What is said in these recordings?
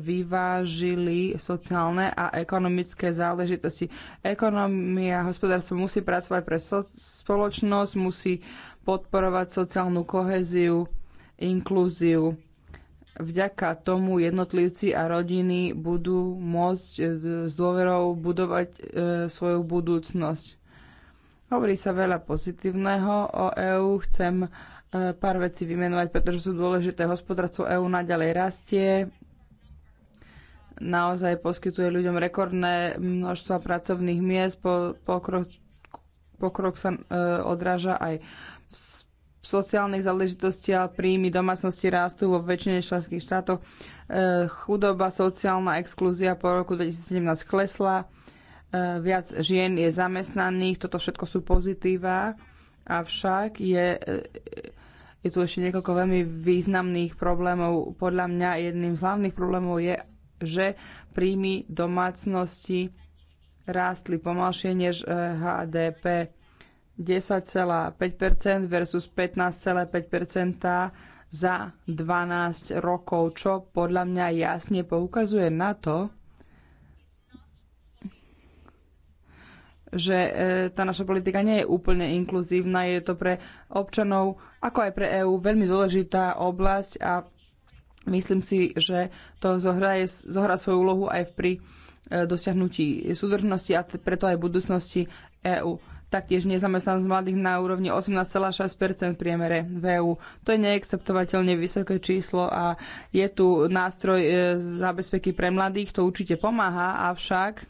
vyvážili sociálne a ekonomické záležitosti. Ekonomia a hospodárstvo musí pracovať pre so- spoločnosť, musí podporovať sociálnu koheziu, inklúziu. Vďaka tomu jednotlivci a rodiny budú môcť e, s dôverou budovať e, svoju budúcnosť. Hovorí sa veľa pozitívneho o EÚ. Chcem e, pár vecí vymenovať, pretože sú dôležité. Hospodárstvo EÚ naďalej rastie, naozaj poskytuje ľuďom rekordné množstva pracovných miest, po, pokrok, pokrok sa e, odráža aj v sociálnych záležitostiach, príjmy domácnosti rástu vo väčšine členských štátoch, e, chudoba, sociálna exklúzia po roku 2017 klesla, e, viac žien je zamestnaných, toto všetko sú pozitíva, avšak je e, je tu ešte niekoľko veľmi významných problémov. Podľa mňa jedným z hlavných problémov je že príjmy domácnosti rástli pomalšie než e, HDP 10,5% versus 15,5% za 12 rokov, čo podľa mňa jasne poukazuje na to, že e, tá naša politika nie je úplne inkluzívna, je to pre občanov, ako aj pre EÚ, veľmi dôležitá oblasť a Myslím si, že to zohrá, zohrá svoju úlohu aj pri e, dosiahnutí súdržnosti a preto aj budúcnosti EÚ. Taktiež nezamestnanosť mladých na úrovni 18,6 v priemere v EÚ. To je neakceptovateľne vysoké číslo a je tu nástroj e, zábezpeky pre mladých, to určite pomáha, avšak e,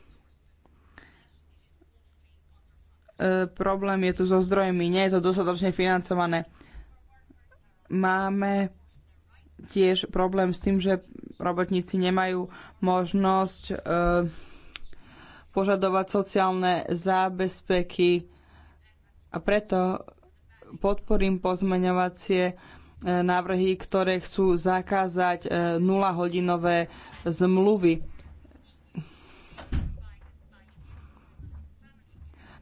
problém je tu so zdrojmi, nie je to dostatočne financované. Máme tiež problém s tým, že robotníci nemajú možnosť e, požadovať sociálne zábezpeky a preto podporím pozmeňovacie e, návrhy, ktoré chcú zakázať e, nulahodinové zmluvy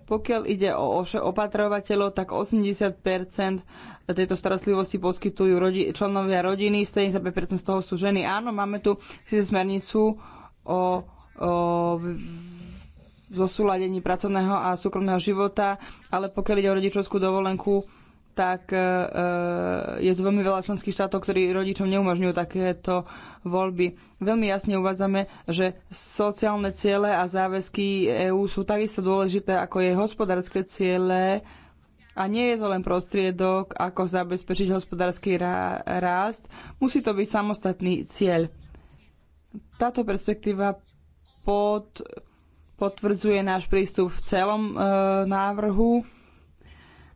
Pokiaľ ide o opatrovateľov, tak 80 tejto starostlivosti poskytujú rodi- členovia rodiny, 75 z toho sú ženy. Áno, máme tu síce smernicu o, o zosúladení pracovného a súkromného života, ale pokiaľ ide o rodičovskú dovolenku, tak e, e, je tu veľmi veľa členských štátov, ktorí rodičom neumožňujú takéto voľby. Veľmi jasne uvádzame, že sociálne ciele a záväzky EÚ sú takisto dôležité ako jej hospodárske ciele a nie je to len prostriedok, ako zabezpečiť hospodársky rást. Musí to byť samostatný cieľ. Táto perspektíva pod, potvrdzuje náš prístup v celom e, návrhu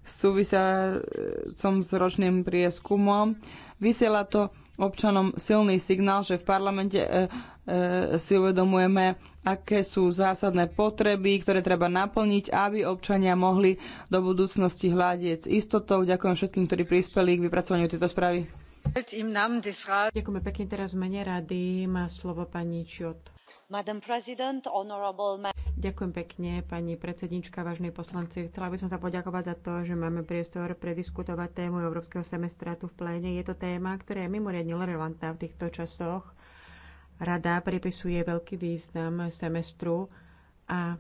súvisiacom s ročným prieskumom. Vysiela to občanom silný signál, že v parlamente e, e, si uvedomujeme, aké sú zásadné potreby, ktoré treba naplniť, aby občania mohli do budúcnosti hľadieť s istotou. Ďakujem všetkým, ktorí prispeli k vypracovaniu tejto správy. Ďakujeme pekne teraz v mene rady. Má slovo pani Čiot. Ďakujem pekne, pani predsednička, vážni poslanci. Chcela by som sa poďakovať za to, že máme priestor prediskutovať tému Európskeho semestra tu v pléne. Je to téma, ktorá je mimoriadne relevantná v týchto časoch. Rada pripisuje veľký význam semestru a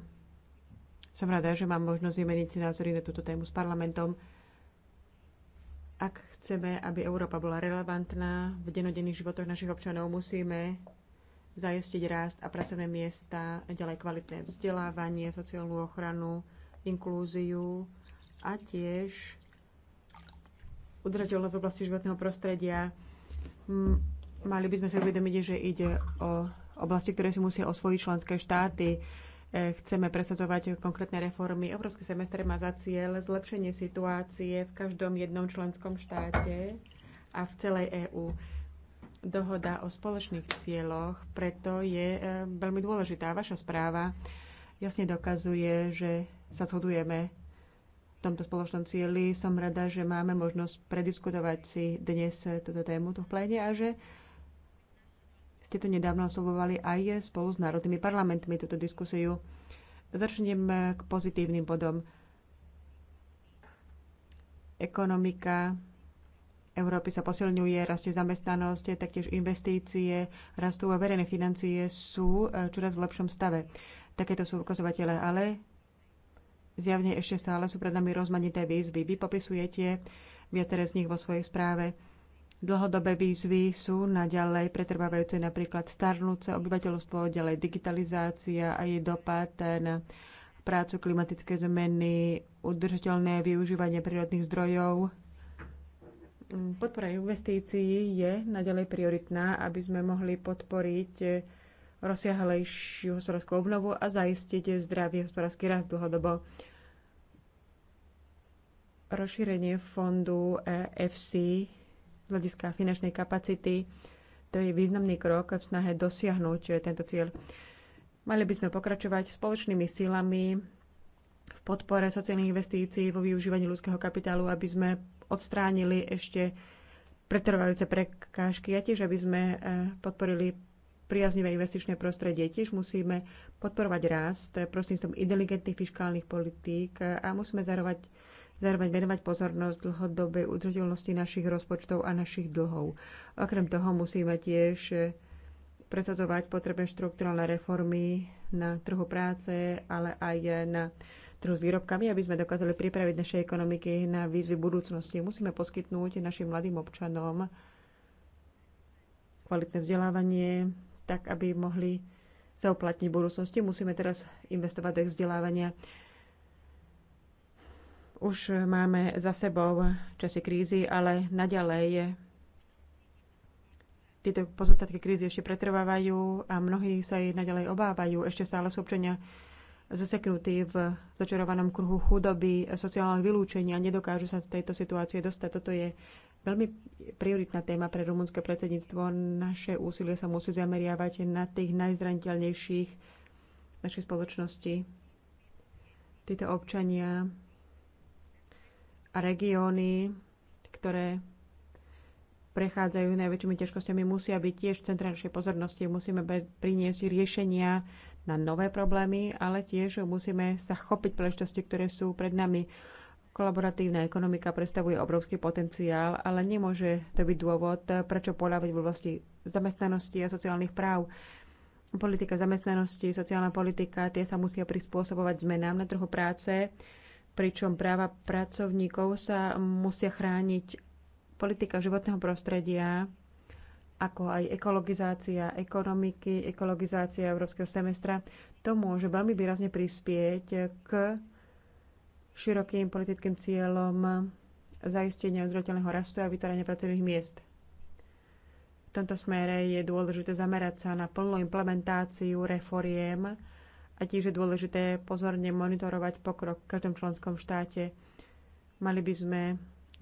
som rada, že mám možnosť vymeniť si názory na túto tému s parlamentom. Ak chceme, aby Európa bola relevantná v denodenných životoch našich občanov, musíme zajistiť rast a pracovné miesta, ďalej kvalitné vzdelávanie, sociálnu ochranu, inklúziu a tiež udržateľnosť v oblasti životného prostredia. Mali by sme sa uvedomiť, že ide o oblasti, ktoré si musia osvojiť členské štáty. E, chceme presadzovať konkrétne reformy. Európsky semester má za cieľ zlepšenie situácie v každom jednom členskom štáte a v celej EÚ dohoda o spoločných cieľoch, preto je e, veľmi dôležitá. Vaša správa jasne dokazuje, že sa shodujeme v tomto spoločnom cieli. Som rada, že máme možnosť prediskutovať si dnes túto tému tu v pléne a že ste to nedávno absolvovali aj spolu s národnými parlamentmi túto diskusiu. Začnem k pozitívnym bodom. Ekonomika Európy sa posilňuje, rastie zamestnanosť, taktiež investície, rastú a verejné financie sú e, čoraz v lepšom stave. Takéto sú ukazovatele, ale zjavne ešte stále sú pred nami rozmanité výzvy. Vy popisujete viaceré z nich vo svojej správe. Dlhodobé výzvy sú naďalej pretrvávajúce napríklad starnúce obyvateľstvo, ďalej digitalizácia a jej dopad na prácu klimatické zmeny, udržateľné využívanie prírodných zdrojov, podpora investícií je naďalej prioritná, aby sme mohli podporiť rozsiahlejšiu hospodárskú obnovu a zaistiť zdravý hospodársky rast dlhodobo. Rozšírenie fondu EFC z hľadiska finančnej kapacity to je významný krok v snahe dosiahnuť tento cieľ. Mali by sme pokračovať spoločnými silami v podpore sociálnych investícií, vo využívaní ľudského kapitálu, aby sme odstránili ešte pretrvajúce prekážky a tiež, aby sme eh, podporili priaznivé investičné prostredie. Tiež musíme podporovať rast prostredníctvom inteligentných fiskálnych politík eh, a musíme zároveň, zároveň venovať pozornosť dlhodobej udržateľnosti našich rozpočtov a našich dlhov. Okrem toho musíme tiež eh, presadzovať potrebné štrukturálne reformy na trhu práce, ale aj na trhu s výrobkami, aby sme dokázali pripraviť naše ekonomiky na výzvy budúcnosti. Musíme poskytnúť našim mladým občanom kvalitné vzdelávanie, tak aby mohli sa uplatniť v budúcnosti. Musíme teraz investovať do vzdelávania. Už máme za sebou časy krízy, ale naďalej tieto pozostatky krízy ešte pretrvávajú a mnohí sa jej naďalej obávajú. Ešte stále sú občania zaseknutí v začarovanom kruhu chudoby, sociálneho vylúčenia, nedokážu sa z tejto situácie dostať. Toto je veľmi prioritná téma pre rumunské predsedníctvo. Naše úsilie sa musí zameriavať na tých najzraniteľnejších našej spoločnosti. Títo občania a regióny, ktoré prechádzajú najväčšími ťažkosťami, musia byť tiež v centre našej pozornosti. Musíme priniesť riešenia na nové problémy, ale tiež musíme sa chopiť príležitosti, ktoré sú pred nami. Kolaboratívna ekonomika predstavuje obrovský potenciál, ale nemôže to byť dôvod, prečo poľavať v oblasti zamestnanosti a sociálnych práv. Politika zamestnanosti, sociálna politika, tie sa musia prispôsobovať zmenám na trhu práce, pričom práva pracovníkov sa musia chrániť. Politika životného prostredia ako aj ekologizácia ekonomiky, ekologizácia európskeho semestra, to môže veľmi výrazne prispieť k širokým politickým cieľom zaistenia udržateľného rastu a vytvárania pracovných miest. V tomto smere je dôležité zamerať sa na plnú implementáciu reforiem a tiež je dôležité pozorne monitorovať pokrok v každom členskom štáte. Mali by sme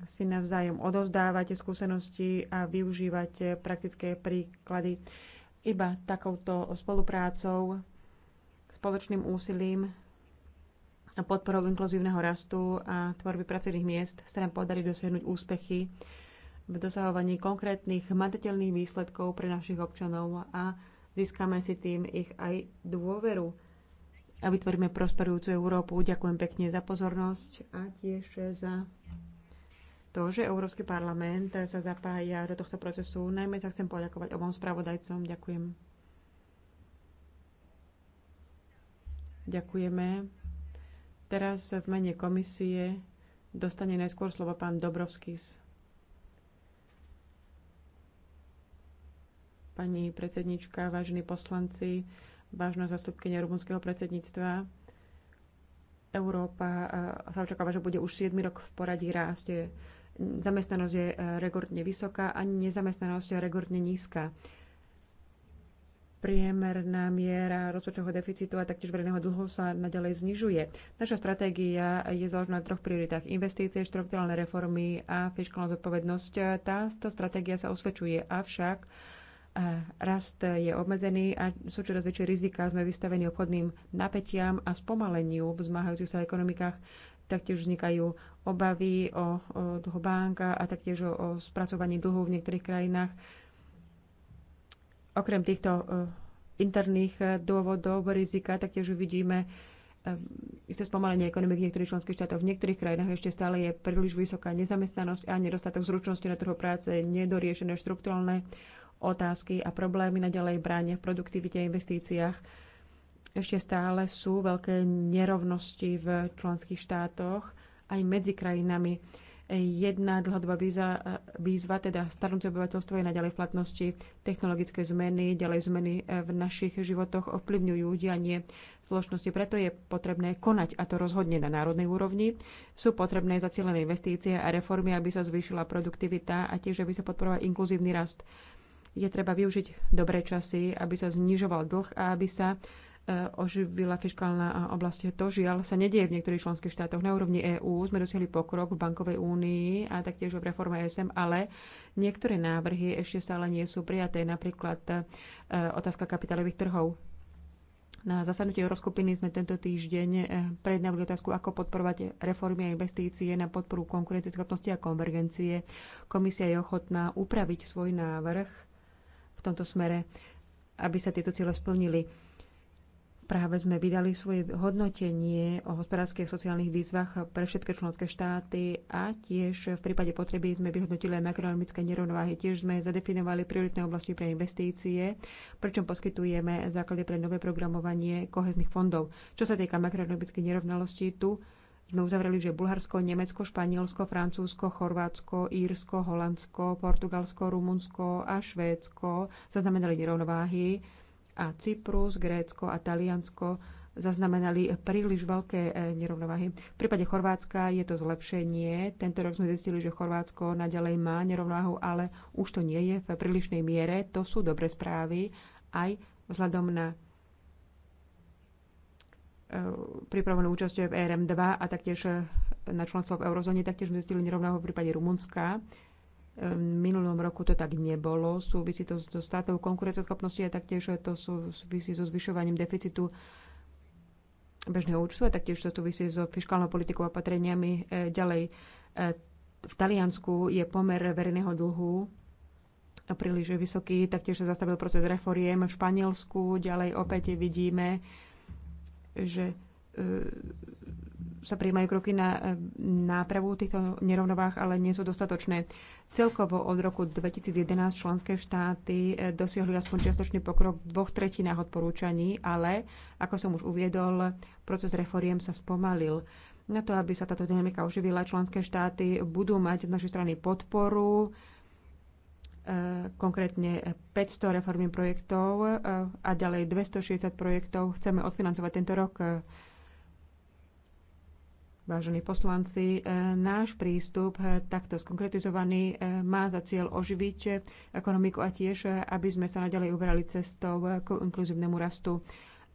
si navzájom odovzdávate skúsenosti a využívate praktické príklady. Iba takouto spoluprácou, spoločným úsilím a podporou inkluzívneho rastu a tvorby pracovných miest sa nám podarí dosiahnuť úspechy v dosahovaní konkrétnych hmatateľných výsledkov pre našich občanov a získame si tým ich aj dôveru a vytvoríme prosperujúcu Európu. Ďakujem pekne za pozornosť a tiež za to, že Európsky parlament sa zapája do tohto procesu. Najmä sa chcem poďakovať obom spravodajcom. Ďakujem. Ďakujeme. Teraz v mene komisie dostane najskôr slovo pán Dobrovskis. Pani predsednička, vážení poslanci, vážna zastupkynia rumunského predsedníctva, Európa sa očakáva, že bude už 7 rok v poradí rásť. Zamestnanosť je eh, rekordne vysoká a nezamestnanosť je rekordne nízka. Priemerná miera rozpočtového deficitu a taktiež verejného dlhu sa naďalej znižuje. Naša stratégia je založená na troch prioritách. Investície, štrukturálne reformy a fiskálna zodpovednosť. Táto stratégia sa osvedčuje, avšak eh, rast je obmedzený a sú čoraz väčšie rizika. Sme vystavení obchodným napätiam a spomaleniu v zmáhajúcich sa ekonomikách. Taktiež vznikajú obavy o, o dlho banka a taktiež o, o spracovaní dlhov v niektorých krajinách. Okrem týchto e, interných e, dôvodov rizika taktiež vidíme e, isté spomalenie ekonomik niektorých členských štátov. V niektorých krajinách ešte stále je príliš vysoká nezamestnanosť a nedostatok zručnosti na trhu práce, nedoriešené štruktúrne otázky a problémy naďalej bráne v produktivite a investíciách ešte stále sú veľké nerovnosti v členských štátoch aj medzi krajinami. Jedna dlhodobá výzva, výzva teda starnúce obyvateľstvo je naďalej v platnosti. Technologické zmeny, ďalej zmeny v našich životoch ovplyvňujú dianie spoločnosti. Preto je potrebné konať, a to rozhodne na národnej úrovni. Sú potrebné zacielené investície a reformy, aby sa zvýšila produktivita a tiež, aby sa podporoval inkluzívny rast. Je treba využiť dobré časy, aby sa znižoval dlh a aby sa Eh, oživila fiskálna eh, oblasť. To žiaľ sa nedieje v niektorých členských štátoch. Na úrovni EÚ sme dosiahli pokrok v bankovej únii a taktiež v reforme SM, ale niektoré návrhy ešte stále nie sú prijaté, napríklad eh, otázka kapitálových trhov. Na zasadnutí Euroskupiny sme tento týždeň prednávali otázku, ako podporovať reformy a investície na podporu konkurencieschopnosti a konvergencie. Komisia je ochotná upraviť svoj návrh v tomto smere, aby sa tieto ciele splnili Práve sme vydali svoje hodnotenie o hospodárskych a sociálnych výzvach pre všetky členské štáty a tiež v prípade potreby sme vyhodnotili aj makroekonomické nerovnováhy. Tiež sme zadefinovali prioritné oblasti pre investície, pričom poskytujeme základy pre nové programovanie kohezných fondov. Čo sa týka makroekonomických nerovnalostí, tu sme uzavreli, že Bulharsko, Nemecko, Španielsko, Francúzsko, Chorvátsko, Írsko, Holandsko, Portugalsko, Rumunsko a Švédsko zaznamenali nerovnováhy a Cyprus, Grécko a Taliansko zaznamenali príliš veľké e, nerovnováhy. V prípade Chorvátska je to zlepšenie. Tento rok sme zistili, že Chorvátsko naďalej má nerovnováhu, ale už to nie je v prílišnej miere. To sú dobré správy aj vzhľadom na e, pripravenú účasť v ERM2 a taktiež e, na členstvo v eurozóne, taktiež sme zistili nerovnováhu v prípade Rumunska. V minulom roku to tak nebolo. Súvisí to so státou konkurenceschopnosti a taktiež to súvisí so zvyšovaním deficitu bežného účtu a taktiež to súvisí so fiskálnou politikou a opatreniami e, ďalej. E, v Taliansku je pomer verejného dlhu príliš vysoký, taktiež sa zastavil proces reforiem v Španielsku. Ďalej opäť vidíme, že e, sa príjmajú kroky na e, nápravu týchto nerovnovách, ale nie sú dostatočné. Celkovo od roku 2011 členské štáty e, dosiahli aspoň čiastočný pokrok v dvoch tretinách odporúčaní, ale, ako som už uviedol, proces reforiem sa spomalil. Na to, aby sa táto dynamika oživila, členské štáty budú mať z našej strany podporu, e, konkrétne 500 reformných projektov a ďalej 260 projektov chceme odfinancovať tento rok Vážení poslanci, e, náš prístup, e, takto skonkretizovaný, e, má za cieľ oživiť ekonomiku a tiež, aby sme sa naďalej uberali cestou k inkluzívnemu rastu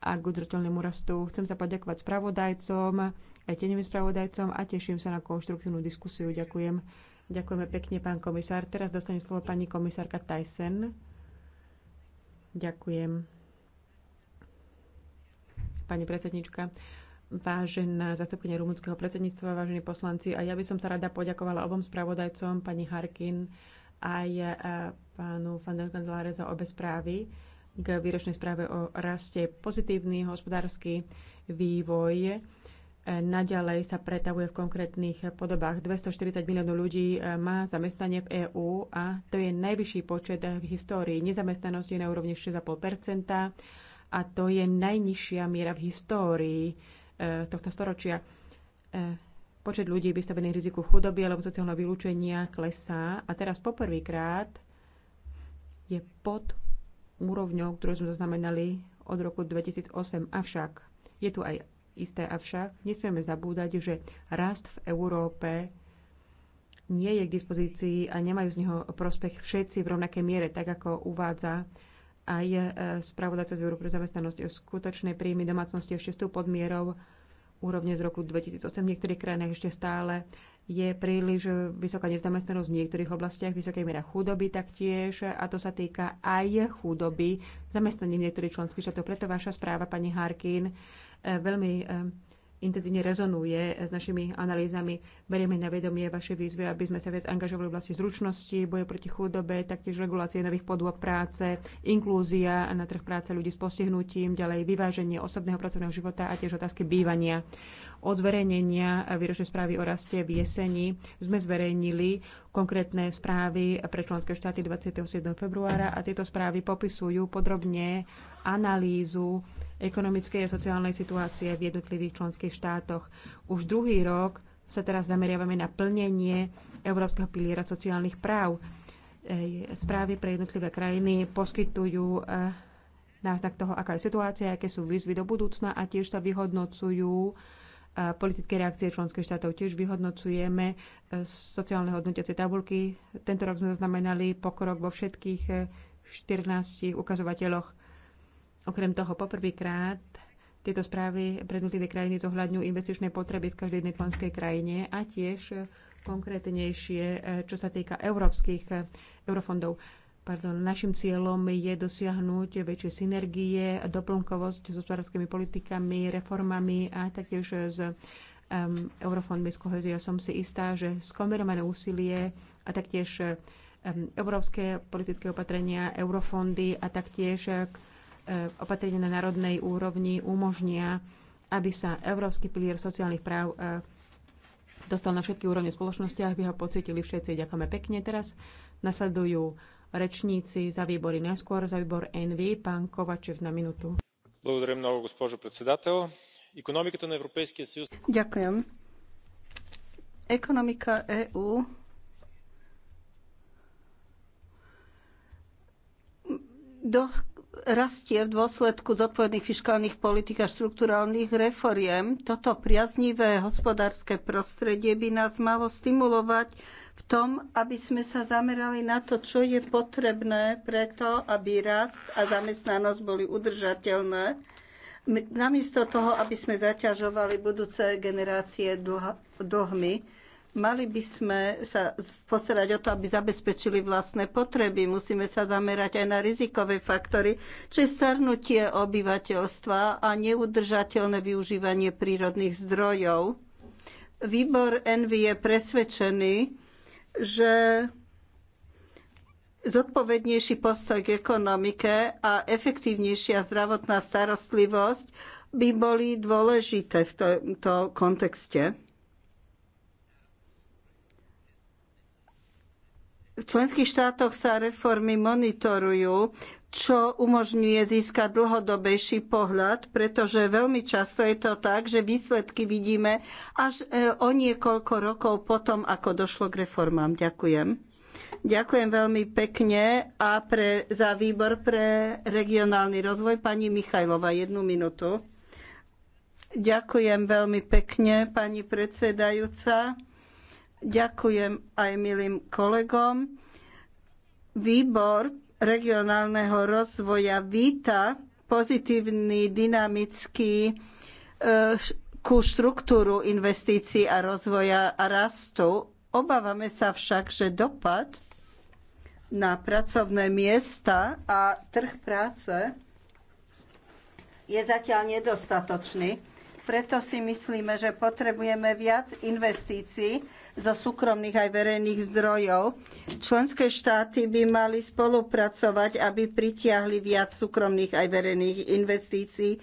a k udržateľnému rastu. Chcem sa poďakovať spravodajcom, aj tenevým spravodajcom a teším sa na konštruktívnu diskusiu. Ďakujem. Ďakujeme pekne, pán komisár. Teraz dostane slovo pani komisárka Tyson. Ďakujem. Pani predsednička vážená zastupkynia rumunského predsedníctva, vážení poslanci. A ja by som sa rada poďakovala obom spravodajcom, pani Harkin aj e, pánu Fandelkandeláre za obe správy k výročnej správe o raste. Pozitívny hospodársky vývoj e, naďalej sa pretavuje v konkrétnych podobách. 240 miliónov ľudí e, má zamestnanie v EÚ a to je najvyšší počet v histórii. Nezamestnanosť je na úrovni 6,5 a to je najnižšia miera v histórii E, tohto storočia. E, počet ľudí vystavených riziku chudoby alebo sociálneho vylúčenia klesá a teraz poprvýkrát je pod úrovňou, ktorú sme zaznamenali od roku 2008. Avšak je tu aj isté avšak. Nesmieme zabúdať, že rast v Európe nie je k dispozícii a nemajú z neho prospech všetci v rovnakej miere, tak ako uvádza aj e, spravodajca z Výboru pre zamestnanosť o skutočnej príjmy domácnosti ešte s tou podmierou úrovne z roku 2008 v niektorých krajinách ešte stále je príliš vysoká nezamestnanosť v niektorých oblastiach, vysoká miera chudoby taktiež a to sa týka aj chudoby zamestnaní v niektorých členských štátov. Preto vaša správa, pani Harkin, e, veľmi e, intenzívne rezonuje s našimi analýzami. Berieme na vedomie vaše výzvy, aby sme sa viac angažovali v vlastne zručnosti, boje proti chudobe, taktiež regulácie nových podôb práce, inklúzia na trh práce ľudí s postihnutím, ďalej vyváženie osobného pracovného života a tiež otázky bývania. Od zverejnenia výročnej správy o raste v jeseni sme zverejnili konkrétne správy pre členské štáty 27. februára a tieto správy popisujú podrobne analýzu ekonomickej a sociálnej situácie v jednotlivých členských štátoch. Už druhý rok sa teraz zameriavame na plnenie Európskeho piliera sociálnych práv. E, správy pre jednotlivé krajiny poskytujú e, náznak toho, aká je situácia, aké sú výzvy do budúcna a tiež sa vyhodnocujú e, politické reakcie členských štátov. Tiež vyhodnocujeme sociálne hodnotiace tabulky. Tento rok sme zaznamenali pokrok vo všetkých 14 ukazovateľoch Okrem toho, poprvýkrát tieto správy pre jednotlivé krajiny zohľadňujú investičné potreby v každej jednej členskej krajine a tiež konkrétnejšie, e, čo sa týka európskych e, eurofondov. Pardon, našim cieľom je dosiahnuť väčšie synergie, doplnkovosť s hospodárskymi politikami, reformami a taktiež s um, eurofondmi z kohezie. Som si istá, že skomerované úsilie a taktiež um, európske politické opatrenia, eurofondy a taktiež E, opatrenia na národnej úrovni umožnia, aby sa Európsky pilier sociálnych práv e, dostal na všetky úrovne spoločnosti a aby ho pocitili všetci. Ďakujeme pekne. Teraz nasledujú rečníci za výbory neskôr, za výbor NV, pán Kovačev na minútu. Дякуем. Економика ЕУ до rastie v dôsledku zodpovedných fiskálnych politik a štruktúrálnych reforiem. Toto priaznivé hospodárske prostredie by nás malo stimulovať v tom, aby sme sa zamerali na to, čo je potrebné preto, aby rast a zamestnanosť boli udržateľné, namiesto toho, aby sme zaťažovali budúce generácie dlh dlhmi. Mali by sme sa postarať o to, aby zabezpečili vlastné potreby. Musíme sa zamerať aj na rizikové faktory, čo je starnutie obyvateľstva a neudržateľné využívanie prírodných zdrojov. Výbor Envy je presvedčený, že zodpovednejší postoj k ekonomike a efektívnejšia zdravotná starostlivosť by boli dôležité v tomto kontexte. V členských štátoch sa reformy monitorujú, čo umožňuje získať dlhodobejší pohľad, pretože veľmi často je to tak, že výsledky vidíme až e, o niekoľko rokov potom, ako došlo k reformám. Ďakujem. Ďakujem veľmi pekne a pre, za výbor pre regionálny rozvoj pani Michajlova. Jednu minútu. Ďakujem veľmi pekne, pani predsedajúca. Ďakujem aj milým kolegom. Výbor regionálneho rozvoja víta pozitívny, dynamický eh, ku štruktúru investícií a rozvoja a rastu. Obávame sa však, že dopad na pracovné miesta a trh práce je zatiaľ nedostatočný. Preto si myslíme, že potrebujeme viac investícií zo súkromných aj verejných zdrojov. Členské štáty by mali spolupracovať, aby pritiahli viac súkromných aj verejných investícií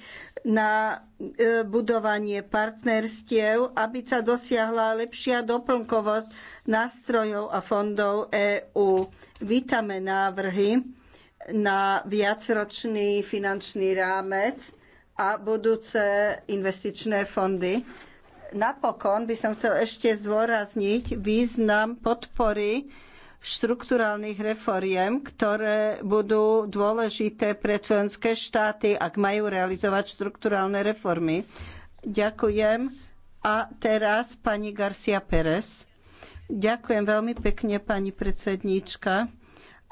na e, budovanie partnerstiev, aby sa dosiahla lepšia doplnkovosť nástrojov a fondov EÚ. Vítame návrhy na viacročný finančný rámec a budúce investičné fondy napokon by som chcel ešte zdôrazniť význam podpory štrukturálnych reforiem, ktoré budú dôležité pre členské štáty, ak majú realizovať štrukturálne reformy. Ďakujem. A teraz pani Garcia Pérez. Ďakujem veľmi pekne, pani predsedníčka.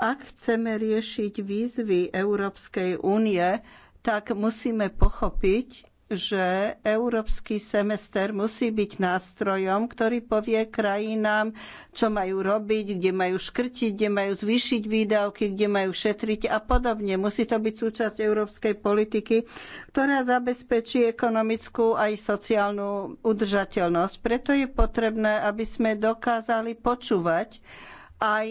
Ak chceme riešiť výzvy Európskej únie, tak musíme pochopiť, že európsky semester musí byť nástrojom, ktorý povie krajinám, čo majú robiť, kde majú škrtiť, kde majú zvýšiť výdavky, kde majú šetriť a podobne. Musí to byť súčasť európskej politiky, ktorá zabezpečí ekonomickú aj sociálnu udržateľnosť. Preto je potrebné, aby sme dokázali počúvať aj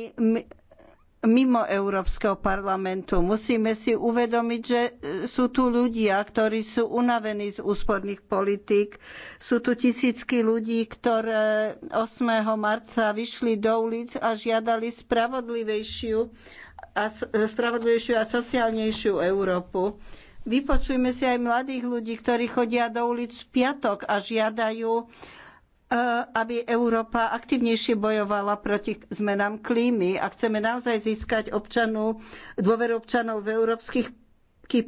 mimo Európskeho parlamentu. Musíme si uvedomiť, že e, sú tu ľudia, ktorí sú unavení z úsporných politík. Sú tu tisícky ľudí, ktoré 8. marca vyšli do ulic a žiadali spravodlivejšiu a, e, spravodlivejšiu a sociálnejšiu Európu. Vypočujme si aj mladých ľudí, ktorí chodia do ulic v piatok a žiadajú E, aby Európa aktívnejšie bojovala proti zmenám klímy a chceme naozaj získať občanú, dôveru občanov v európskych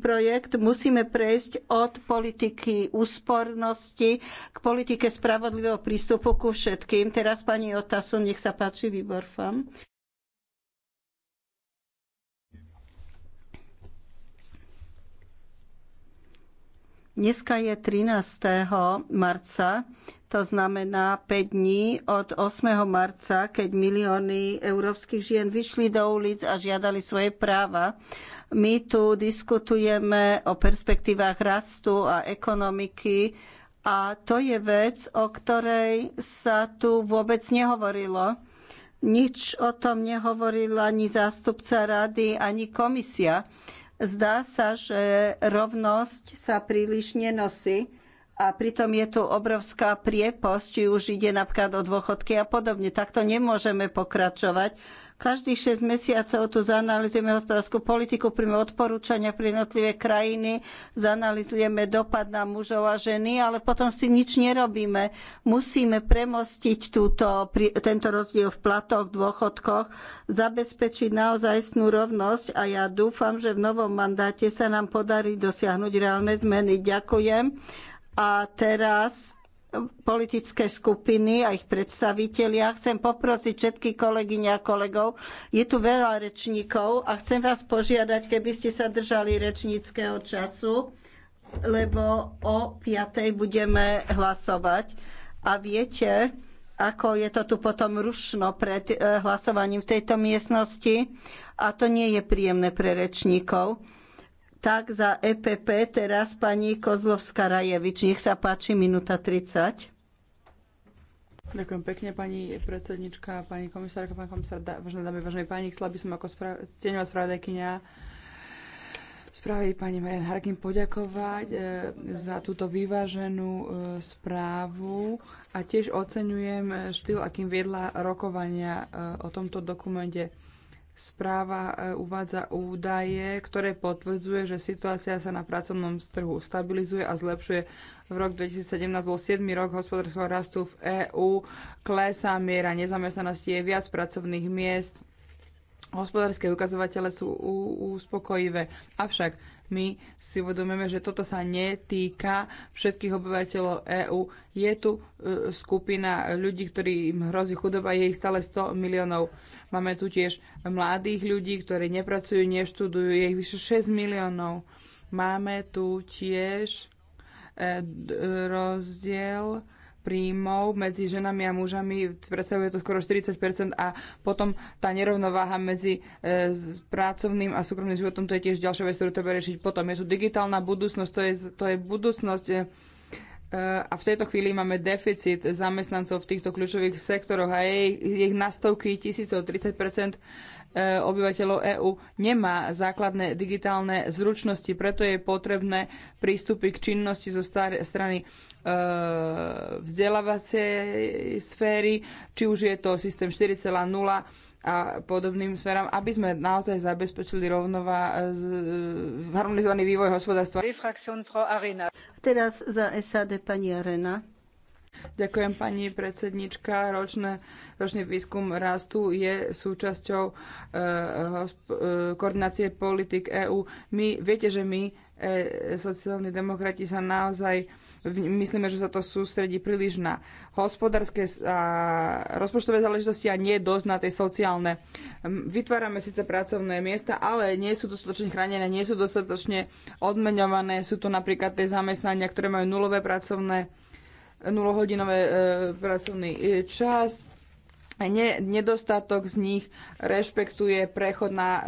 projekt musíme prejsť od politiky úspornosti k politike spravodlivého prístupu ku všetkým. Teraz pani Otasun, nech sa páči, výbor FAM. Dneska je 13. marca, to znamená 5 dní od 8. marca, keď milióny európskych žien vyšli do ulic a žiadali svoje práva. My tu diskutujeme o perspektívach rastu a ekonomiky a to je vec, o ktorej sa tu vôbec nehovorilo. Nič o tom nehovorila ani zástupca rady, ani komisia. Zdá sa, že rovnosť sa príliš nenosí a pritom je tu obrovská prieposť, či už ide napríklad o dôchodky a podobne. Takto nemôžeme pokračovať Každých 6 mesiacov tu zanalizujeme hospodárskú politiku, príjme odporúčania pre jednotlivé krajiny, zanalizujeme dopad na mužov a ženy, ale potom s tým nič nerobíme. Musíme premostiť túto, tento rozdiel v platoch, dôchodkoch, zabezpečiť naozajstnú rovnosť a ja dúfam, že v novom mandáte sa nám podarí dosiahnuť reálne zmeny. Ďakujem. A teraz politické skupiny a ich predstavitelia. Chcem poprosiť všetky kolegyne a kolegov, je tu veľa rečníkov a chcem vás požiadať, keby ste sa držali rečníckého času, lebo o 5. budeme hlasovať. A viete, ako je to tu potom rušno pred eh, hlasovaním v tejto miestnosti a to nie je príjemné pre rečníkov. Tak za EPP teraz pani Kozlovská Rajevič. Nech sa páči, minúta 30. Ďakujem pekne, pani predsednička, pani komisárka, pán komisár, dá, vážené dámy, vážené páni. Chcela by som ako spra- teňová spravodajkynia správy pani Marian Harkin poďakovať e, za túto vyváženú e, správu a tiež oceňujem e, štýl, akým viedla rokovania e, o tomto dokumente. Správa e, uvádza údaje, ktoré potvrdzuje, že situácia sa na pracovnom trhu stabilizuje a zlepšuje. V rok 2017 bol 7. rok hospodárskeho rastu v EÚ, klesá miera nezamestnanosti, je viac pracovných miest, hospodárske ukazovatele sú uspokojivé. Avšak my si uvedomujeme, že toto sa netýka všetkých obyvateľov EÚ. Je tu e, skupina ľudí, ktorým hrozí chudoba, je ich stále 100 miliónov. Máme tu tiež mladých ľudí, ktorí nepracujú, neštudujú, je ich vyše 6 miliónov. Máme tu tiež e, e, rozdiel príjmov medzi ženami a mužami, predstavuje to skoro 40 a potom tá nerovnováha medzi e, pracovným a súkromným životom, to je tiež ďalšia vec, ktorú treba riešiť potom. Je tu digitálna budúcnosť, to je, to je budúcnosť e, a v tejto chvíli máme deficit zamestnancov v týchto kľúčových sektoroch a je ich na stovky tisícov, 30 e, obyvateľov EÚ nemá základné digitálne zručnosti, preto je potrebné prístupy k činnosti zo strany Eh, vzdelávacej sféry, či už je to systém 4.0 a podobným smerom, aby sme naozaj zabezpečili rovnová harmonizovaný vývoj hospodárstva. Teraz za SAD pani Arena. Ďakujem pani predsednička. Ročné, ročný výskum rastu je súčasťou e, hosp- e, koordinácie politik EÚ. My, viete, že my, e, sociálni demokrati, sa naozaj e, Myslíme, že sa to sústredí príliš na hospodárske a rozpočtové záležitosti a nie dosť na tie sociálne. Vytvárame síce pracovné miesta, ale nie sú dostatočne chránené, nie sú dostatočne odmeňované. Sú to napríklad tie zamestnania, ktoré majú nulové pracovné nulohodinové e, pracovný e, čas, nedostatok z nich rešpektuje prechod na e,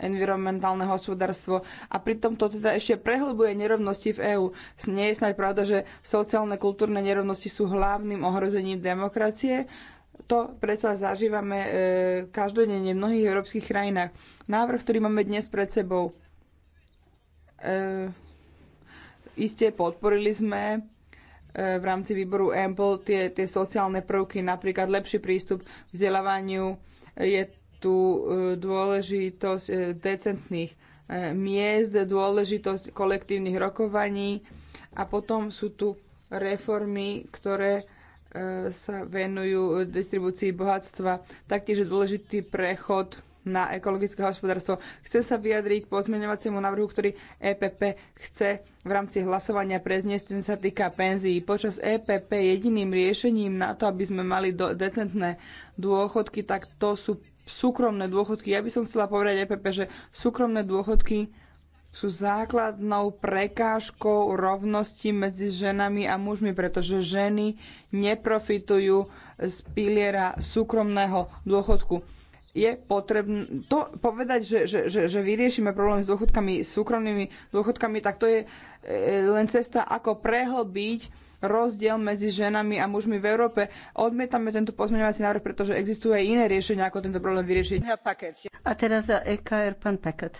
environmentálne hospodárstvo a pritom to teda ešte prehlbuje nerovnosti v EÚ. Nie je snáď pravda, že sociálne kultúrne nerovnosti sú hlavným ohrozením demokracie. To predsa zažívame e, každodenne v mnohých európskych krajinách. Návrh, ktorý máme dnes pred sebou, e, iste podporili sme Eh, v rámci výboru EMPL tie, tie sociálne prvky, napríklad lepší prístup k vzdelávaniu, eh, je tu eh, dôležitosť decentných miest, dôležitosť kolektívnych rokovaní a potom sú tu reformy, ktoré sa venujú distribúcii bohatstva. Taktiež je dôležitý prechod na ekologické hospodárstvo. Chce sa vyjadriť k pozmeňovaciemu návrhu, ktorý EPP chce v rámci hlasovania prezniesť, ten sa týka penzií. Počas EPP jediným riešením na to, aby sme mali do, decentné dôchodky, tak to sú súkromné dôchodky. Ja by som chcela povedať EPP, že súkromné dôchodky sú základnou prekážkou rovnosti medzi ženami a mužmi, pretože ženy neprofitujú z piliera súkromného dôchodku je potrebné, to povedať, že, že, že, že vyriešime problém s dôchodkami, súkromnými dôchodkami, tak to je e, len cesta, ako prehlbiť rozdiel medzi ženami a mužmi v Európe. Odmietame tento pozmeňovací návrh, pretože existujú aj iné riešenia, ako tento problém vyriešiť. A teraz za EKR pán Paket.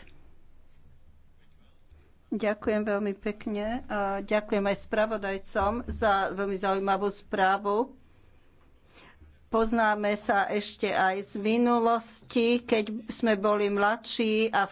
Ďakujem veľmi pekne a ďakujem aj spravodajcom za veľmi zaujímavú správu. Poznáme sa ešte aj z minulosti, keď sme boli mladší a e,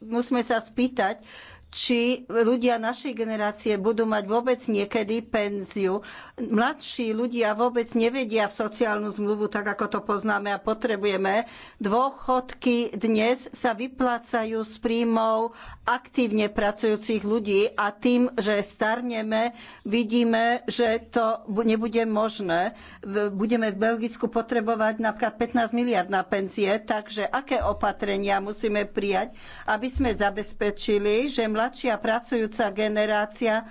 musíme sa spýtať, či ľudia našej generácie budú mať vôbec niekedy penziu. Mladší ľudia vôbec nevedia v sociálnu zmluvu, tak ako to poznáme a potrebujeme. Dôchodky dnes sa vyplácajú z príjmov aktívne pracujúcich ľudí a tým, že starneme, vidíme, že to nebude možné. Budeme v Belgicku potrebovať napríklad 15 miliard na penzie, takže aké opatrenia musíme prijať, aby sme zabezpečili, že mladí mladšia pracujúca generácia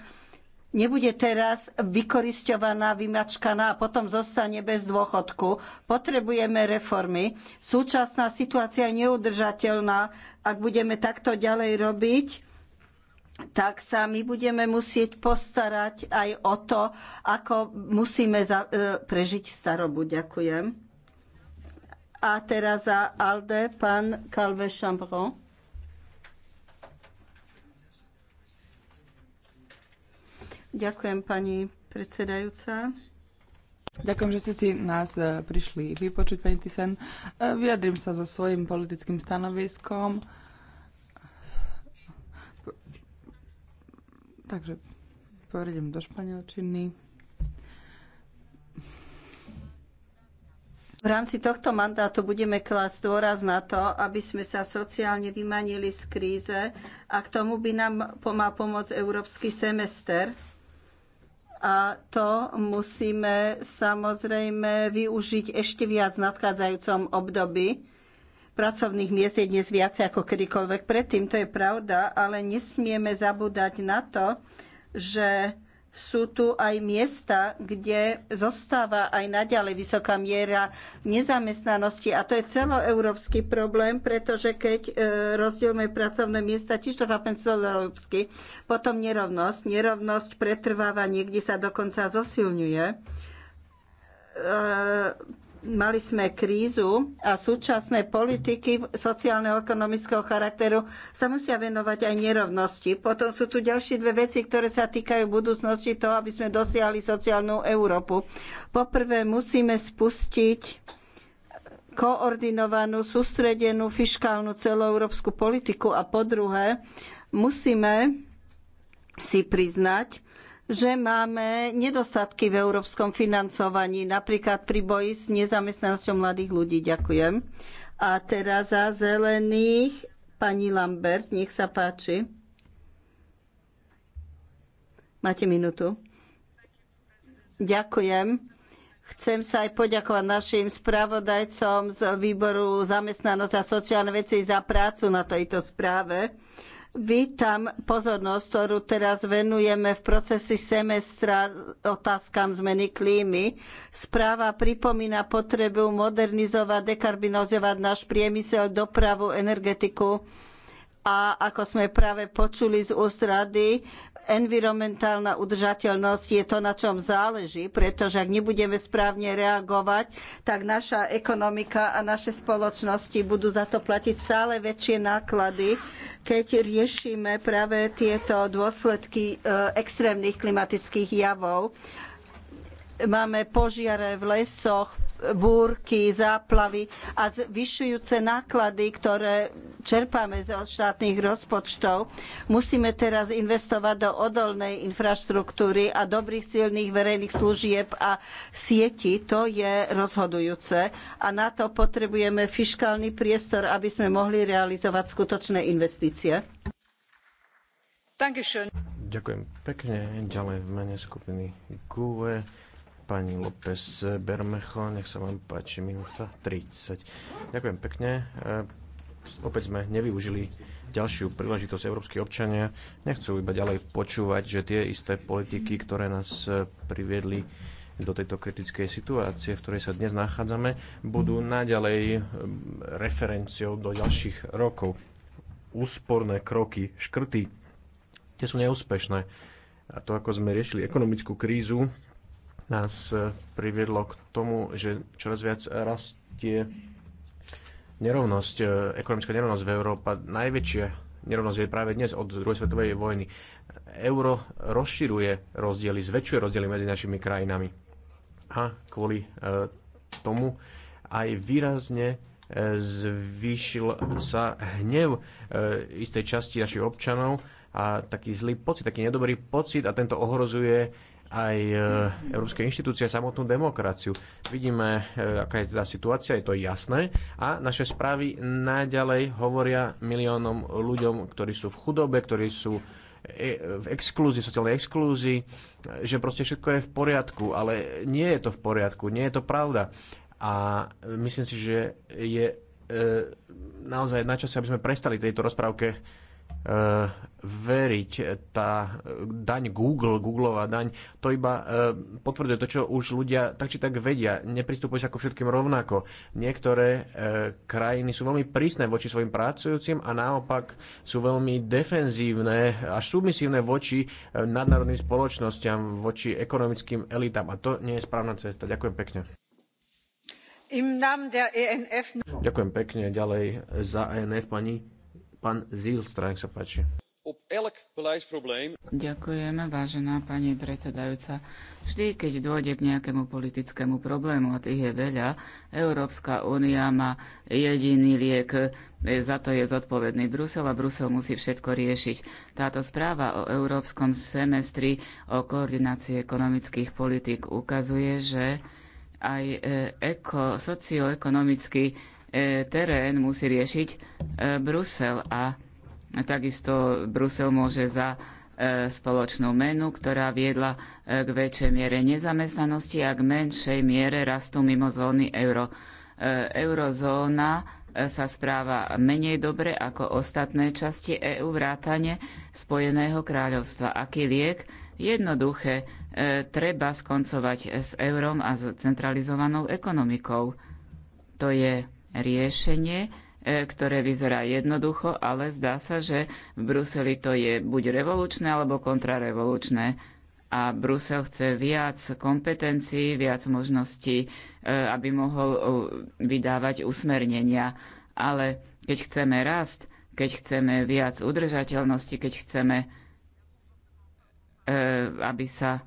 nebude teraz vykorisťovaná, vymačkaná a potom zostane bez dôchodku. Potrebujeme reformy. Súčasná situácia je neudržateľná. Ak budeme takto ďalej robiť, tak sa my budeme musieť postarať aj o to, ako musíme e, prežiť starobu. Ďakujem. A teraz za Alde, pán Calvé Chambron. Ďakujem, pani predsedajúca. Ďakujem, že ste si nás e, prišli vypočuť, pani Tysen. E, vyjadrím sa so svojím politickým stanoviskom. Takže povedem do španielčiny. V rámci tohto mandátu budeme klásť dôraz na to, aby sme sa sociálne vymanili z kríze a k tomu by nám pomal pomôcť európsky semester, a to musíme samozrejme využiť ešte viac v nadchádzajúcom období. Pracovných miest je dnes viac ako kedykoľvek predtým, to je pravda, ale nesmieme zabúdať na to, že sú tu aj miesta, kde zostáva aj naďalej vysoká miera nezamestnanosti. A to je celoeurópsky problém, pretože keď e, rozdielme pracovné miesta, tiež to chápem celoeurópsky, potom nerovnosť. Nerovnosť pretrváva, niekde sa dokonca zosilňuje. E, Mali sme krízu a súčasné politiky sociálneho-ekonomického charakteru sa musia venovať aj nerovnosti. Potom sú tu ďalšie dve veci, ktoré sa týkajú budúcnosti toho, aby sme dosiahli sociálnu Európu. Poprvé musíme spustiť koordinovanú, sústredenú fiškálnu celoeurópsku politiku a po druhé musíme si priznať, že máme nedostatky v európskom financovaní, napríklad pri boji s nezamestnanosťou mladých ľudí. Ďakujem. A teraz za zelených pani Lambert, nech sa páči. Máte minútu. Ďakujem. Chcem sa aj poďakovať našim spravodajcom z výboru zamestnanosť a sociálne veci za prácu na tejto správe. Vítam pozornosť, ktorú teraz venujeme v procesi semestra otázkam zmeny klímy. Správa pripomína potrebu modernizovať, dekarbonizovať náš priemysel, dopravu, energetiku a ako sme práve počuli z úst rady, environmentálna udržateľnosť je to, na čom záleží, pretože ak nebudeme správne reagovať, tak naša ekonomika a naše spoločnosti budú za to platiť stále väčšie náklady, keď riešime práve tieto dôsledky e, extrémnych klimatických javov. Máme požiare v lesoch, búrky, záplavy a zvyšujúce náklady, ktoré čerpáme z štátnych rozpočtov. Musíme teraz investovať do odolnej infraštruktúry a dobrých silných verejných služieb a sietí. To je rozhodujúce a na to potrebujeme fiškálny priestor, aby sme mohli realizovať skutočné investície. Ďakujem pekne. Ďalej v mene skupiny GUE pani López Bermecho, nech sa vám páči, minúta 30. Ďakujem pekne. E, opäť sme nevyužili ďalšiu príležitosť. Európsky občania nechcú iba ďalej počúvať, že tie isté politiky, ktoré nás e, priviedli do tejto kritickej situácie, v ktorej sa dnes nachádzame, budú naďalej e, referenciou do ďalších rokov. Úsporné kroky, škrty, tie sú neúspešné. A to, ako sme riešili ekonomickú krízu, nás eh, priviedlo k tomu, že čoraz viac rastie nerovnosť, eh, ekonomická nerovnosť v Európe. Najväčšia nerovnosť je práve dnes od druhej svetovej vojny. Euro rozširuje rozdiely, zväčšuje rozdiely medzi našimi krajinami. A kvôli eh, tomu aj výrazne zvýšil sa hnev istej časti našich občanov a taký zlý pocit, taký nedobrý pocit a tento ohrozuje aj e, európske inštitúcie a samotnú demokraciu. Vidíme, e, aká je teda situácia, je to jasné. A naše správy naďalej hovoria miliónom ľuďom, ktorí sú v chudobe, ktorí sú e, v exklúzii, sociálnej exklúzii, že proste všetko je v poriadku, ale nie je to v poriadku, nie je to pravda. A myslím si, že je naozaj na čase, aby sme prestali tejto rozprávke E, veriť. E, tá daň Google, Googleová daň, to iba e, potvrduje, to, čo už ľudia tak či tak vedia. Nepristupujú sa ku všetkým rovnako. Niektoré krajiny sú veľmi prísne voči svojim pracujúcim a naopak sú veľmi defenzívne, až submisívne voči nadnárodným spoločnosťam, voči ekonomickým elitám. A to nie je správna cesta. Ďakujem pekne. Ďakujem pekne. Ďalej za ENF pani Pán Zíl, nech sa páči. Ďakujem, vážená pani predsedajúca. Vždy, keď dôjde k nejakému politickému problému, a tých je veľa, Európska únia má jediný liek, e, za to je zodpovedný Brusel a Brusel musí všetko riešiť. Táto správa o európskom semestri o koordinácii ekonomických politík ukazuje, že aj e, eko, socioekonomicky E, terén musí riešiť e, Brusel a takisto Brusel môže za e, spoločnú menu, ktorá viedla k väčšej miere nezamestnanosti a k menšej miere rastu mimo zóny euro. Eurozóna sa správa menej dobre ako ostatné časti EÚ vrátane Spojeného kráľovstva. Aký liek? Jednoduché, treba skoncovať s eurom a s centralizovanou ekonomikou. To je riešenie, e, ktoré vyzerá jednoducho, ale zdá sa, že v Bruseli to je buď revolučné alebo kontrarevolučné. A Brusel chce viac kompetencií, viac možností, e, aby mohol e, vydávať usmernenia. Ale keď chceme rast, keď chceme viac udržateľnosti, keď chceme, aby sa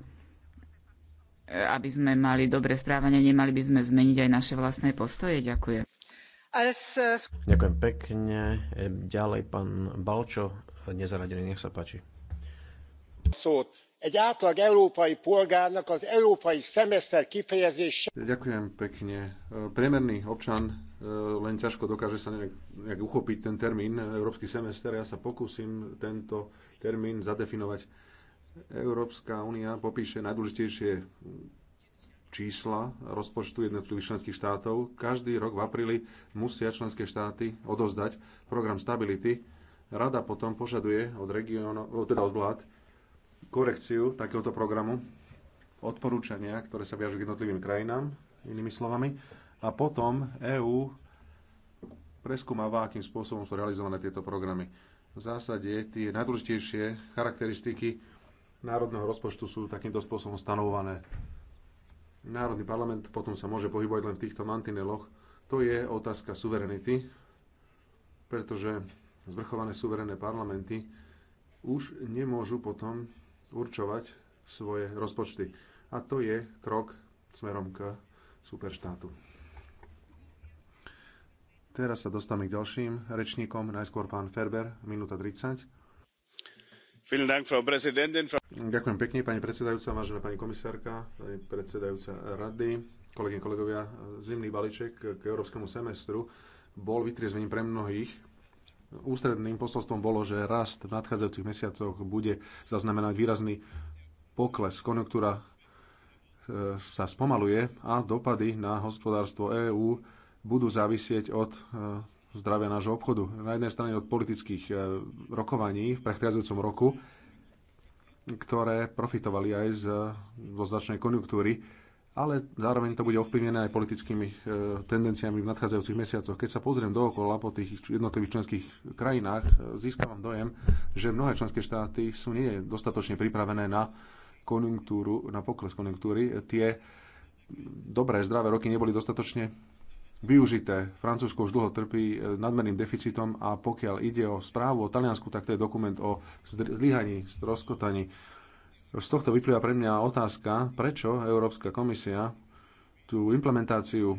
aby sme mali dobre správanie, nemali by sme zmeniť aj naše vlastné postoje? Ďakujem. Eh, Ďakujem pekne. Eh, ďalej pán Balčo, eh, nezaradený, nech sa páči. Ďakujem pekne. Priemerný občan len ťažko dokáže sa nejak, nejak uchopiť ten termín, európsky semester. Ja sa pokúsim tento termín zadefinovať. Európska únia popíše najdôležitejšie čísla rozpočtu jednotlivých členských štátov. Každý rok v apríli musia členské štáty odozdať program stability. Rada potom požaduje od regionu, teda od vlád, korekciu takéhoto programu, odporúčania, ktoré sa viažú k jednotlivým krajinám, inými slovami. A potom EÚ preskúmava, akým spôsobom sú realizované tieto programy. V zásade tie najdôležitejšie charakteristiky národného rozpočtu sú takýmto spôsobom stanovované. Národný parlament potom sa môže pohybovať len v týchto mantineloch. To je otázka suverenity, pretože zvrchované suverené parlamenty už nemôžu potom určovať svoje rozpočty. A to je krok smerom k superštátu. Teraz sa dostávame k ďalším rečníkom. Najskôr pán Ferber, minúta 30. Ďakujem pekne, pani predsedajúca, vážená pani komisárka, pani predsedajúca rady, kolegyne, kolegovia. Zimný balíček k európskemu semestru bol vytriezvením pre mnohých. Ústredným posolstvom bolo, že rast v nadchádzajúcich mesiacoch bude zaznamenať výrazný pokles. Konjunktúra e, sa spomaluje a dopady na hospodárstvo EÚ budú závisieť od e, zdravia nášho obchodu. Na jednej strane od politických e, rokovaní v predchádzajúcom roku, ktoré profitovali aj z e, dvoznačnej konjunktúry, ale zároveň to bude ovplyvnené aj politickými e, tendenciami v nadchádzajúcich mesiacoch. Keď sa pozriem dookola po tých jednotlivých členských krajinách, získavam dojem, že mnohé členské štáty sú nie dostatočne pripravené na konjunktúru, na pokles konjunktúry. Tie dobré, zdravé roky neboli dostatočne využité. Francúzsko už dlho trpí e, nadmerným deficitom a pokiaľ ide o správu o Taliansku, tak to je dokument o zlyhaní, rozkotaní. Z tohto vyplýva pre mňa otázka, prečo Európska komisia tú implementáciu e,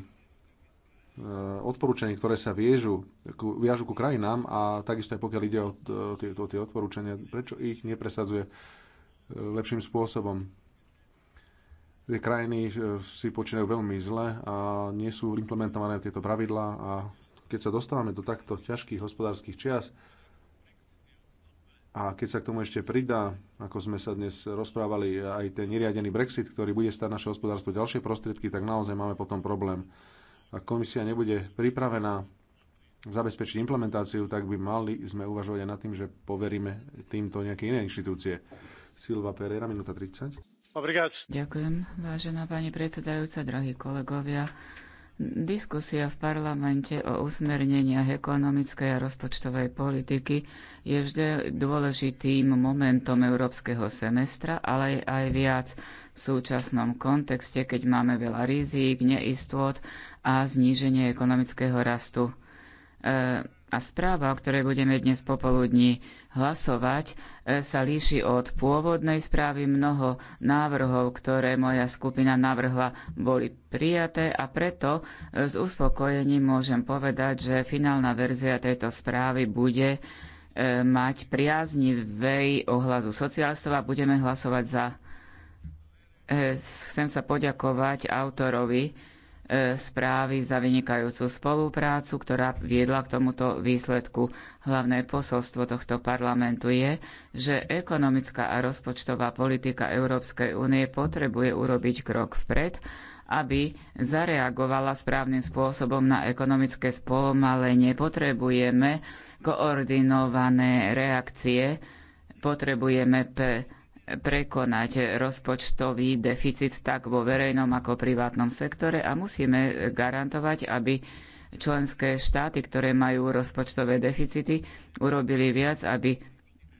odporúčaní, ktoré sa viežu, ku, viažu ku krajinám a takisto aj pokiaľ ide o tie, o tie odporúčania, prečo ich nepresadzuje e, lepším spôsobom Tie krajiny eh, si počínajú veľmi zle a nie sú implementované tieto pravidlá a keď sa dostávame do takto ťažkých hospodárskych čias a keď sa k tomu ešte pridá, ako sme sa dnes rozprávali, aj ten neriadený Brexit, ktorý bude stať naše hospodárstvo ďalšie prostriedky, tak naozaj máme potom problém. Ak komisia nebude pripravená zabezpečiť implementáciu, tak by mali sme uvažovať aj nad tým, že poveríme týmto nejaké iné inštitúcie. Silva Pereira, minúta 30. Ďakujem, vážená pani predsedajúca, drahí kolegovia. Diskusia v parlamente o usmerneniach ekonomickej a rozpočtovej politiky je vždy dôležitým momentom európskeho semestra, ale aj viac v súčasnom kontexte, keď máme veľa rizík, neistôt a zníženie ekonomického rastu. E a správa, o ktorej budeme dnes popoludní hlasovať, e, sa líši od pôvodnej správy. Mnoho návrhov, ktoré moja skupina navrhla, boli prijaté a preto e, s uspokojením môžem povedať, že finálna verzia tejto správy bude e, mať priaznivej ohlazu socialistov a budeme hlasovať za. Chcem sa poďakovať autorovi E, správy za vynikajúcu spoluprácu, ktorá viedla k tomuto výsledku. Hlavné posolstvo tohto parlamentu je, že ekonomická a rozpočtová politika Európskej únie potrebuje urobiť krok vpred, aby zareagovala správnym spôsobom na ekonomické spomalenie. Potrebujeme koordinované reakcie, potrebujeme pe- prekonať rozpočtový deficit tak vo verejnom ako privátnom sektore a musíme garantovať, aby členské štáty, ktoré majú rozpočtové deficity, urobili viac, aby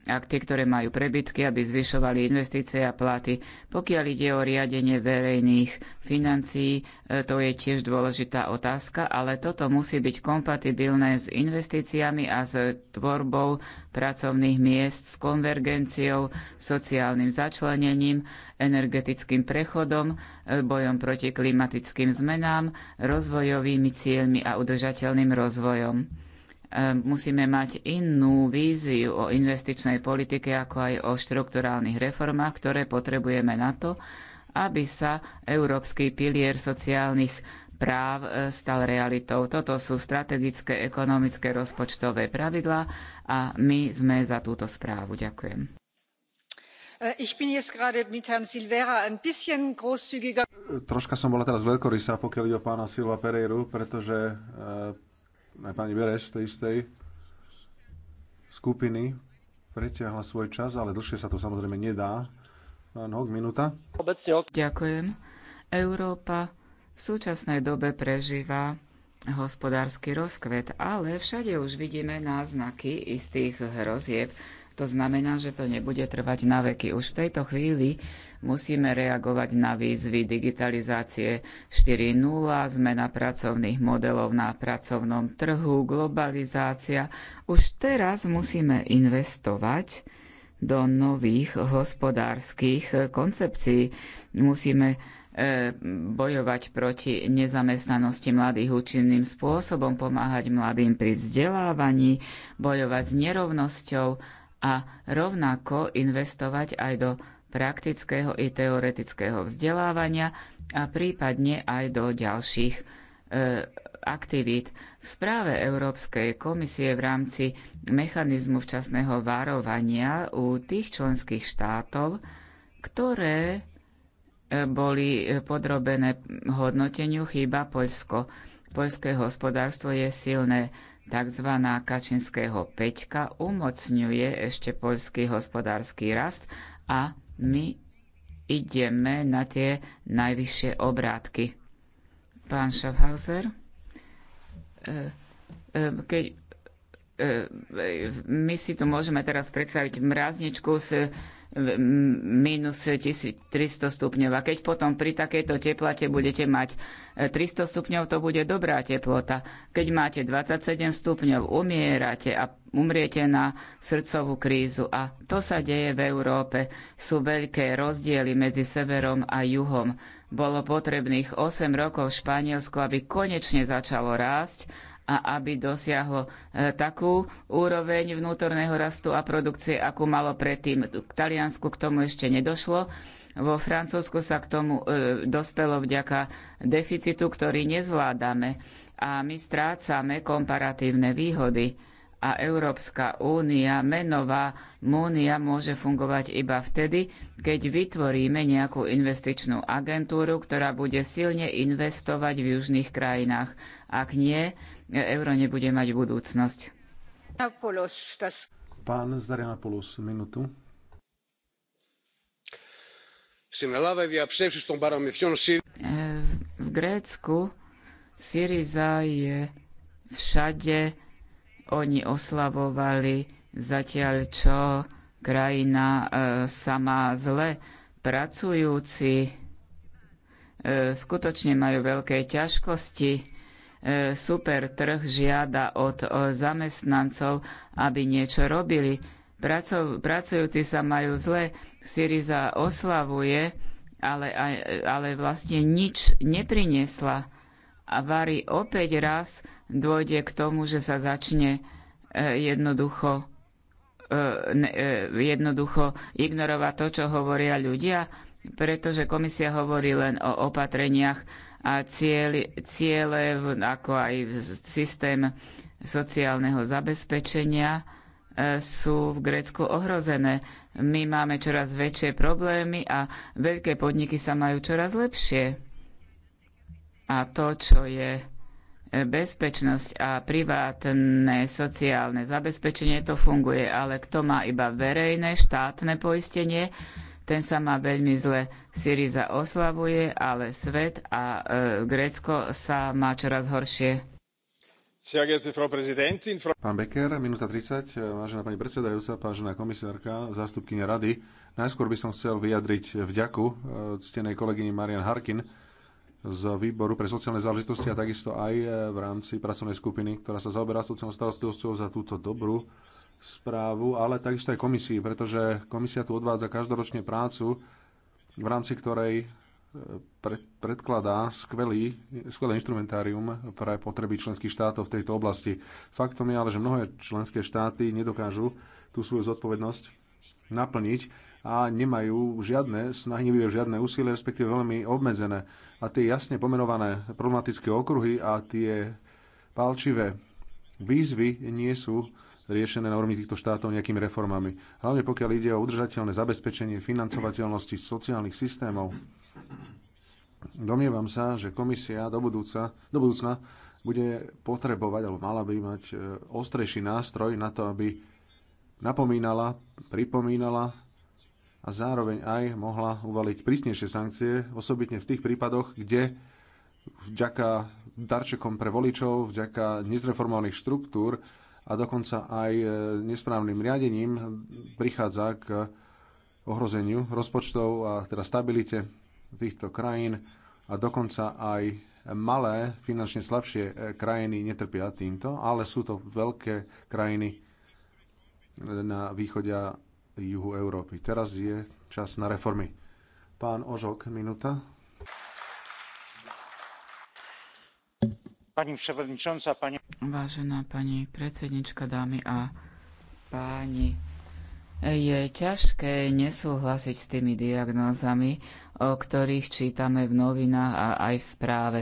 a tie, ktoré majú prebytky, aby zvyšovali investície a platy. Pokiaľ ide o riadenie verejných financií, e, to je tiež dôležitá otázka, ale toto musí byť kompatibilné s investíciami a s tvorbou pracovných miest, s konvergenciou, sociálnym začlenením, energetickým prechodom, e, bojom proti klimatickým zmenám, rozvojovými cieľmi a udržateľným rozvojom musíme mať inú víziu o investičnej politike, ako aj o štrukturálnych reformách, ktoré potrebujeme na to, aby sa európsky pilier sociálnych práv e, stal realitou. Toto sú strategické, ekonomické, rozpočtové pravidlá a my sme za túto správu. Ďakujem. E, Troška som bola teraz veľkorysá, pokiaľ ide o pána Silva Pereiru, pretože e, aj pani Bereš z tej istej skupiny preťahla svoj čas, ale dlhšie sa to samozrejme nedá. Pán Hock, minúta. Ďakujem. Európa v súčasnej dobe prežíva hospodársky rozkvet, ale všade už vidíme náznaky istých hrozieb, to znamená, že to nebude trvať na veky. Už v tejto chvíli musíme reagovať na výzvy digitalizácie 4.0, zmena pracovných modelov na pracovnom trhu, globalizácia. Už teraz musíme investovať do nových hospodárskych koncepcií. Musíme e, bojovať proti nezamestnanosti mladých účinným spôsobom, pomáhať mladým pri vzdelávaní, bojovať s nerovnosťou a rovnako investovať aj do praktického i teoretického vzdelávania a prípadne aj do ďalších e, aktivít. V správe Európskej komisie v rámci mechanizmu včasného varovania u tých členských štátov, ktoré e, boli podrobené hodnoteniu chýba Poľsko. Poľské hospodárstvo je silné tzv. Kačinského peťka umocňuje ešte poľský hospodársky rast a my ideme na tie najvyššie obrátky. Pán Schaffhauser, e, e, keď e, my si tu môžeme teraz predstaviť mrazničku s minus 1300 stupňov. A keď potom pri takejto teplote budete mať 300 e, stupňov, to bude dobrá teplota. Keď máte 27 stupňov, umierate a umriete na srdcovú krízu. A to sa deje v Európe. Sú veľké rozdiely medzi severom a juhom. Bolo potrebných 8 rokov v Španielsku, aby konečne začalo rásť a aby dosiahlo e, takú úroveň vnútorného rastu a produkcie, ako malo predtým. K Taliansku k tomu ešte nedošlo. Vo Francúzsku sa k tomu e, dospelo vďaka deficitu, ktorý nezvládame. A my strácame komparatívne výhody. A Európska únia, menová múnia môže fungovať iba vtedy, keď vytvoríme nejakú investičnú agentúru, ktorá bude silne investovať v južných krajinách. Ak nie, euro nebude mať budúcnosť. Pán Zarianopoulos, minútu. V Grécku Syriza je všade. Oni oslavovali zatiaľ čo krajina e, sama zle. Pracujúci e, skutočne majú veľké ťažkosti E, super trh žiada od e, zamestnancov, aby niečo robili. Pracov, pracujúci sa majú zle, Syriza oslavuje, ale, ale vlastne nič nepriniesla. A Vary opäť raz dôjde k tomu, že sa začne e, jednoducho jednoducho ignorovať to, čo hovoria ľudia, pretože komisia hovorí len o opatreniach a ciele, ako aj systém sociálneho zabezpečenia e, sú v Grécku ohrozené. My máme čoraz väčšie problémy a veľké podniky sa majú čoraz lepšie. A to, čo je e, bezpečnosť a privátne sociálne zabezpečenie, to funguje. Ale kto má iba verejné štátne poistenie, ten sa má veľmi zle. Syriza oslavuje, ale svet a e, Grécko sa má čoraz horšie. Pán Becker, minúta 30, e, vážená pani predsedajúca, vážená komisárka, zástupkynia rady. Najskôr by som chcel vyjadriť vďaku e, ctenej kolegyni Marian Harkin z výboru pre sociálne záležitosti a takisto aj e, v rámci pracovnej skupiny, ktorá sa zaoberá sociálnou starostlivosťou za túto dobrú správu, ale takisto aj komisii, pretože komisia tu odvádza každoročne prácu, v rámci ktorej e, predkladá skvelý, skvelé instrumentárium pre potreby členských štátov v tejto oblasti. Faktom je ale, že mnohé členské štáty nedokážu tú svoju zodpovednosť naplniť a nemajú žiadne snahy, nevyvíjajú žiadne úsilie, respektíve veľmi obmedzené. A tie jasne pomenované problematické okruhy a tie palčivé výzvy nie sú riešené na úrovni týchto štátov nejakými reformami. Hlavne pokiaľ ide o udržateľné zabezpečenie financovateľnosti sociálnych systémov. Domnievam sa, že komisia do, budúca, do budúcna bude potrebovať, alebo mala by mať e, ostrejší nástroj na to, aby napomínala, pripomínala a zároveň aj mohla uvaliť prísnejšie sankcie, osobitne v tých prípadoch, kde vďaka darčekom pre voličov, vďaka nezreformovaných štruktúr a dokonca aj e, nesprávnym riadením prichádza k ohrozeniu rozpočtov a teda stabilite týchto krajín a dokonca aj malé, finančne slabšie e, krajiny netrpia týmto, ale sú to veľké krajiny na východe a juhu Európy. Teraz je čas na reformy. Pán Ožok, minúta. Vážená pani predsednička, dámy a páni, je ťažké nesúhlasiť s tými diagnózami, o ktorých čítame v novinách a aj v správe.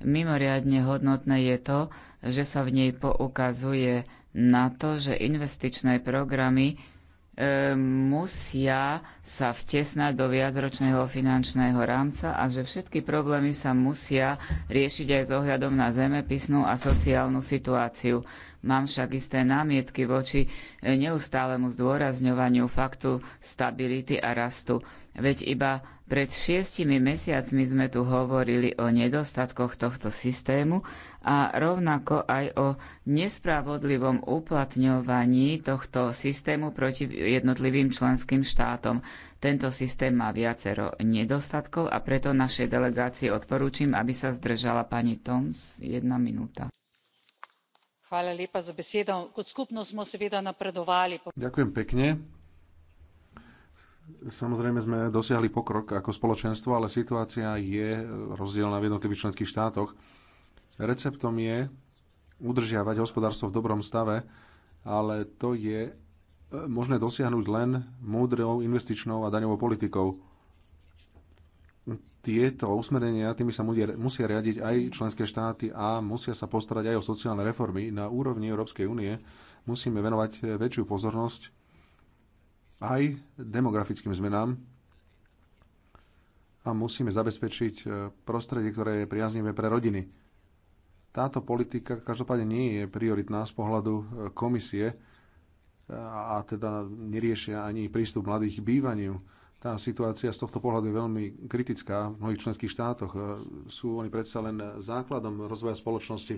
Mimoriadne hodnotné je to, že sa v nej poukazuje na to, že investičné programy E, musia sa vtesnať do viacročného finančného rámca a že všetky problémy sa musia riešiť aj s ohľadom na zemepisnú a sociálnu situáciu. Mám však isté námietky voči e, neustálemu zdôrazňovaniu faktu stability a rastu. Veď iba pred šiestimi mesiacmi sme tu hovorili o nedostatkoch tohto systému a rovnako aj o nespravodlivom uplatňovaní tohto systému proti jednotlivým členským štátom. Tento systém má viacero nedostatkov a preto našej delegácii odporúčam, aby sa zdržala pani Toms. Jedna minúta. Ďakujem pekne. Samozrejme sme dosiahli pokrok ako spoločenstvo, ale situácia je rozdielna v jednotlivých členských štátoch. Receptom je udržiavať hospodárstvo v dobrom stave, ale to je e, možné dosiahnuť len múdrou investičnou a daňovou politikou. Tieto usmerenia, tými sa musia riadiť aj členské štáty a musia sa postarať aj o sociálne reformy. Na úrovni Európskej únie musíme venovať väčšiu pozornosť aj demografickým zmenám a musíme zabezpečiť e, prostredie, ktoré je priaznivé pre rodiny. Táto politika každopádne nie je prioritná z pohľadu e, komisie e, a teda neriešia ani prístup mladých k bývaniu. Tá situácia z tohto pohľadu je veľmi kritická v mnohých členských štátoch. Sú oni predsa len základom rozvoja spoločnosti.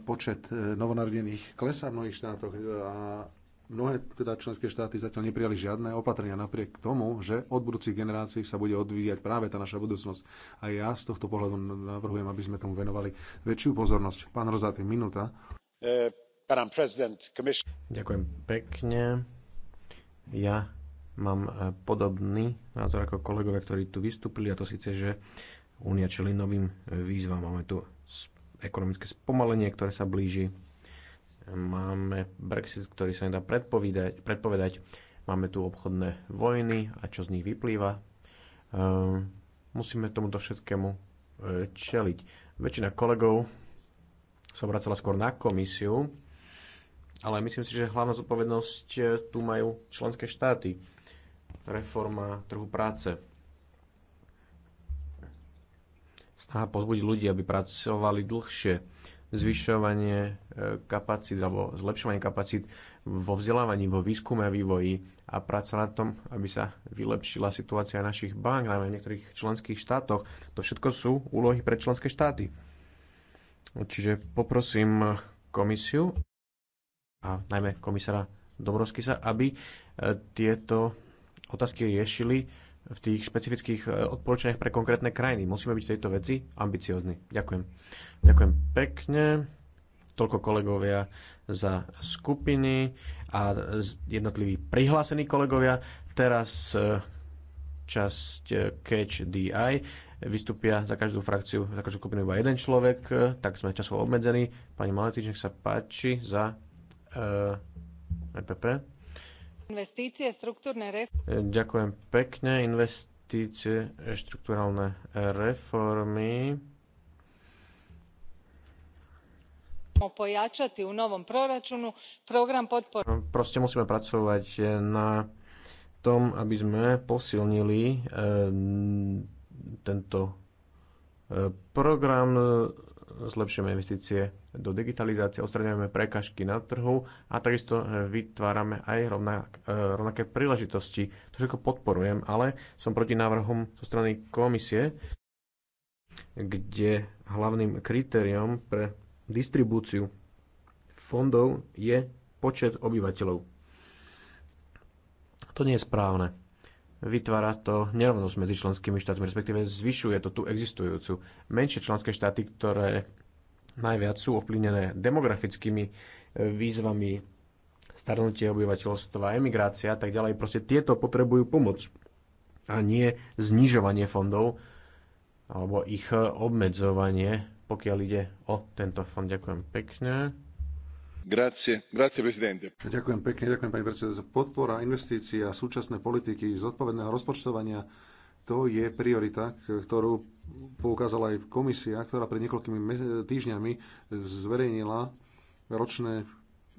Počet novonarodených klesá v mnohých štátoch a Mnohé teda členské štáty zatiaľ neprijali žiadne opatrenia napriek tomu, že od budúcich generácií sa bude odvíjať práve tá naša budúcnosť. A ja z tohto pohľadu navrhujem, aby sme tomu venovali väčšiu pozornosť. Pán Rozáty, minúta. E, Ďakujem pekne. Ja mám e, podobný názor ako kolegovia, ktorí tu vystúpili, a to síce, že Únia čeli novým e, výzvam. Máme tu ekonomické spomalenie, ktoré sa blíži Máme Brexit, ktorý sa nedá predpovedať, predpovedať. Máme tu obchodné vojny a čo z nich vyplýva. Ehm, musíme tomuto všetkému e, čeliť. Väčšina kolegov sa obracala skôr na komisiu, ale myslím si, že hlavná zodpovednosť e, tu majú členské štáty. Reforma trhu práce, snaha pozbudiť ľudí, aby pracovali dlhšie, zvyšovanie e, kapacít alebo zlepšovanie kapacít vo vzdelávaní, vo výskume a vývoji a práca na tom, aby sa vylepšila situácia našich bank, najmä v niektorých členských štátoch. To všetko sú úlohy pre členské štáty. Čiže poprosím komisiu a najmä komisára Dobrovskisa, aby e, tieto otázky riešili v tých špecifických e, odporúčaniach pre konkrétne krajiny. Musíme byť v tejto veci ambiciozni. Ďakujem. Ďakujem pekne. Toľko kolegovia za skupiny a jednotliví prihlásení kolegovia. Teraz e, časť e, Catch DI. Vystúpia za každú frakciu, za každú skupinu iba jeden človek, tak sme časovo obmedzení. Pani Maletič, nech sa páči za uh, EPP. Investície, štruktúrne reformy. E, ďakujem pekne. Investície, e, štruktúralne reformy. pojačati u novom proračunu program podpory. E, proste musíme pracovať na tom, aby sme posilnili tento program, zlepšujeme investície do digitalizácie, odstraňujeme prekažky na trhu a takisto e, vytvárame aj rovnak, e, rovnaké príležitosti. To všetko podporujem, ale som proti návrhom zo strany komisie, kde hlavným kritériom pre distribúciu fondov je počet obyvateľov. To nie je správne. Vytvára to nerovnosť medzi členskými štátmi, respektíve zvyšuje to tú existujúcu. Menšie členské štáty, ktoré najviac sú ovplyvnené demografickými e, výzvami, starnutie obyvateľstva, emigrácia a tak ďalej. Proste tieto potrebujú pomoc a nie znižovanie fondov alebo ich obmedzovanie, pokiaľ ide o tento fond. Ďakujem pekne. Grazie, grazie presidente. Ďakujem pekne, ďakujem pani predsedajúca. Podpora investícií a súčasné politiky zodpovedného rozpočtovania to je priorita, ktorú poukázala aj komisia, ktorá pred niekoľkými týždňami zverejnila ročné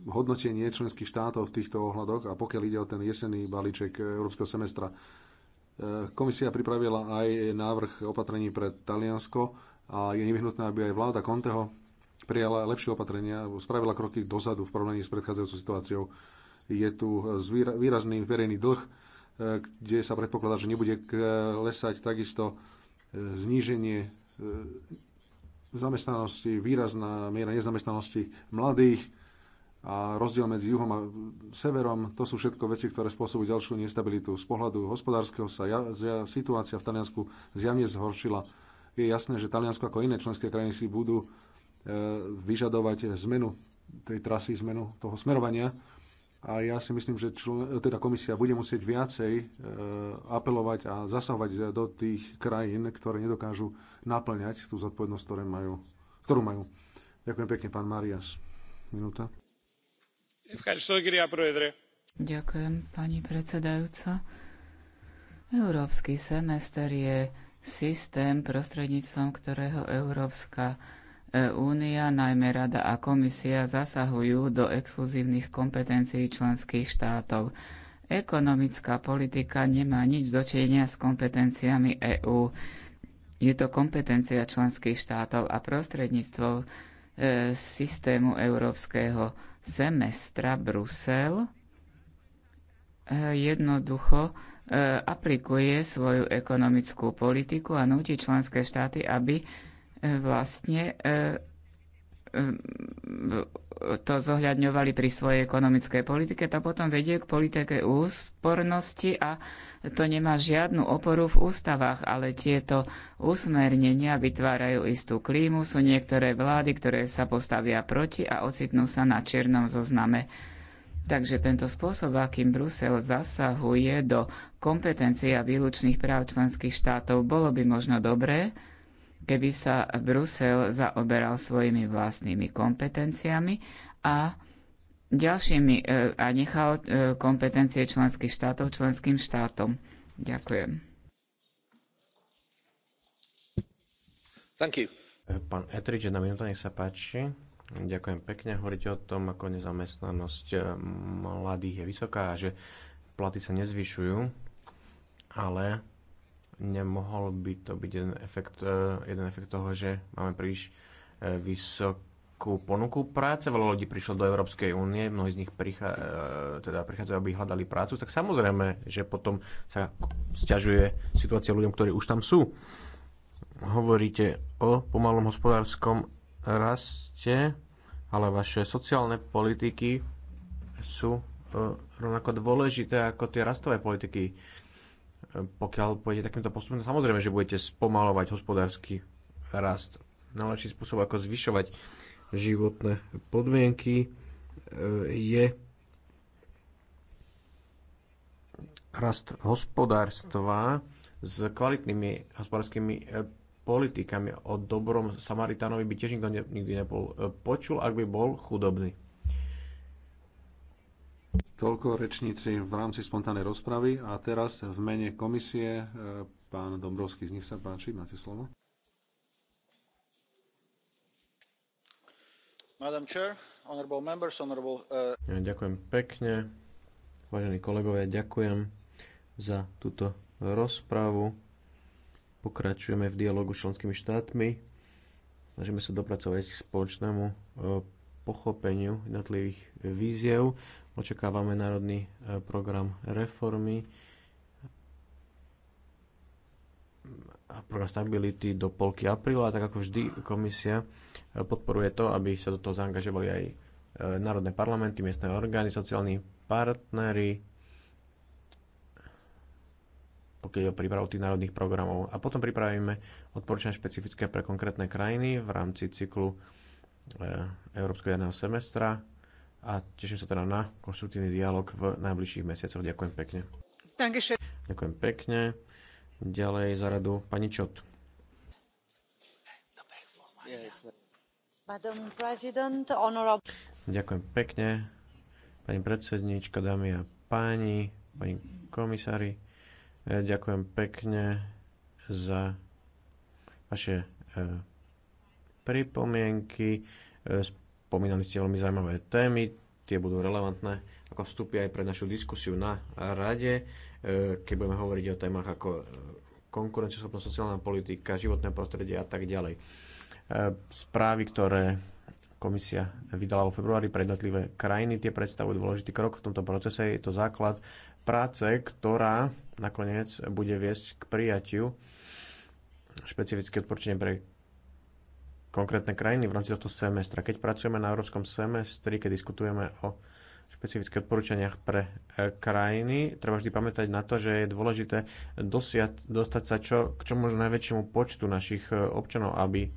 hodnotenie členských štátov v týchto ohľadoch a pokiaľ ide o ten jesenný balíček európskeho semestra. E, komisia pripravila aj návrh opatrení pre Taliansko a je nevyhnutné, aby aj vláda Conteho prijala lepšie opatrenia, spravila kroky dozadu v porovnaní s predchádzajúcou situáciou. Je tu výrazný verejný dlh, kde sa predpokladá, že nebude klesať takisto e, zníženie e, zamestnanosti, výrazná miera nezamestnanosti mladých a rozdiel medzi juhom a severom, to sú všetko veci, ktoré spôsobujú ďalšiu nestabilitu. Z pohľadu hospodárskeho sa ja, ja, situácia v Taliansku zjavne zhoršila. Je jasné, že Taliansko ako iné členské krajiny si budú e, vyžadovať zmenu tej trasy, zmenu toho smerovania a ja si myslím, že člen, teda komisia bude musieť viacej e, apelovať a zasahovať do tých krajín, ktoré nedokážu naplňať tú zodpovednosť, ktoré majú, ktorú majú. Ďakujem pekne, pán Marias. Minúta. Ďakujem, pani predsedajúca. Európsky semester je systém, prostredníctvom ktorého Európska Únia, najmä Rada a Komisia zasahujú do exkluzívnych kompetencií členských štátov. Ekonomická politika nemá nič dočenia s kompetenciami EÚ. Je to kompetencia členských štátov a prostredníctvom e, systému európskeho semestra Brusel e, jednoducho e, aplikuje svoju ekonomickú politiku a núti členské štáty, aby vlastne e, e, to zohľadňovali pri svojej ekonomickej politike, to potom vedie k politike úspornosti a to nemá žiadnu oporu v ústavách, ale tieto usmernenia vytvárajú istú klímu. Sú niektoré vlády, ktoré sa postavia proti a ocitnú sa na čiernom zozname. Takže tento spôsob, akým Brusel zasahuje do kompetencií a výlučných práv členských štátov, bolo by možno dobré, keby sa Brusel zaoberal svojimi vlastnými kompetenciami a ďalšími e, a nechal e, kompetencie členských štátov členským štátom. Ďakujem. Thank you. E, pán Etrič, jedna minúta, nech sa páči. Ďakujem pekne. Hovoríte o tom, ako nezamestnanosť mladých je vysoká a že platy sa nezvyšujú, ale nemohol by to byť jeden efekt, e, jeden efekt toho, že máme príliš e, vysokú ponuku práce. Veľa ľudí prišlo do Európskej únie, mnohí z nich prichá, e, teda prichádzajú, aby hľadali prácu, tak samozrejme, že potom sa sťažuje situácia ľuďom, ktorí už tam sú. Hovoríte o pomalom hospodárskom raste, ale vaše sociálne politiky sú rovnako dôležité ako tie rastové politiky pokiaľ pôjdete takýmto postupom, samozrejme, že budete spomalovať hospodársky rast. Najlepší spôsob, ako zvyšovať životné podmienky, e, je rast hospodárstva s kvalitnými hospodárskymi e, politikami. O dobrom Samaritánovi by tiež nikto ne, nikdy nepočul, počul, ak by bol chudobný. Toľko rečníci v rámci spontánnej rozpravy a teraz v mene komisie e, pán Dombrovský, z nich sa páči, máte slovo. Madam Chair, honorable members, honorable, uh... Ďakujem pekne. Vážení kolegovia, ďakujem za túto rozprávu. Pokračujeme v dialogu s členskými štátmi. Snažíme sa dopracovať k spoločnému e, pochopeniu jednotlivých víziev Očakávame národný e, program reformy a program stability do polky apríla, tak ako vždy komisia e, podporuje to, aby sa do toho zaangažovali aj e, národné parlamenty, miestne orgány, sociálni partnery, pokiaľ je o prípravu tých národných programov. A potom pripravíme odporúčania špecifické pre konkrétne krajiny v rámci cyklu Európskeho jedného semestra, a teším sa teda na konštruktívny dialog v najbližších mesiacoch. Ďakujem pekne. Ďakujem pekne. Ďalej za radu pani Čot. Ďakujem pekne. Pani predsedníčka, dámy a páni, pani komisári, eh, ďakujem pekne za vaše eh, pripomienky. Eh, Spomínali ste veľmi zaujímavé témy, tie budú relevantné ako vstúpia aj pre našu diskusiu na rade, e, keď budeme hovoriť o témach ako e, konkurenceschopnosť, sociálna politika, životné prostredie a tak ďalej. E, správy, ktoré komisia vydala vo februári pre jednotlivé krajiny, tie predstavujú dôležitý krok v tomto procese. Je to základ práce, ktorá nakoniec bude viesť k prijatiu špecifické odporčenie pre konkrétne krajiny v rámci tohto semestra. Keď pracujeme na európskom semestri, keď diskutujeme o špecifických odporúčaniach pre e, krajiny, treba vždy pamätať na to, že je dôležité dosiať, dostať sa čo, k čo možno najväčšiemu počtu našich e, občanov, aby e,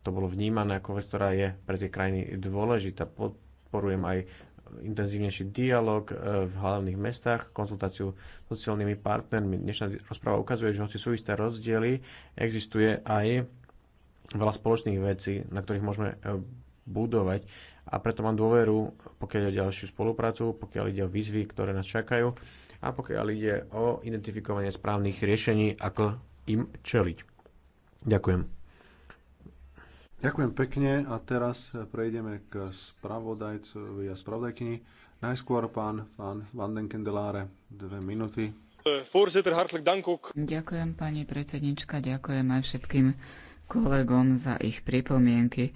to bolo vnímané ako vec, ktorá je pre tie krajiny dôležitá. Podporujem aj intenzívnejší dialog v hlavných mestách, konzultáciu s sociálnymi partnermi. Dnešná rozpráva ukazuje, že hoci sú isté rozdiely, existuje aj veľa spoločných vecí, na ktorých môžeme e, budovať a preto mám dôveru, pokiaľ ide o ďalšiu spoluprácu, pokiaľ ide o výzvy, ktoré nás čakajú a pokiaľ ide o identifikovanie správnych riešení, ako im čeliť. Ďakujem. Ďakujem pekne a teraz prejdeme k spravodajcovi a spravodajkyni. Najskôr pán, pán Van den Kendeláre, dve minúty. Ďakujem pani predsednička, ďakujem aj všetkým kolegom za ich pripomienky.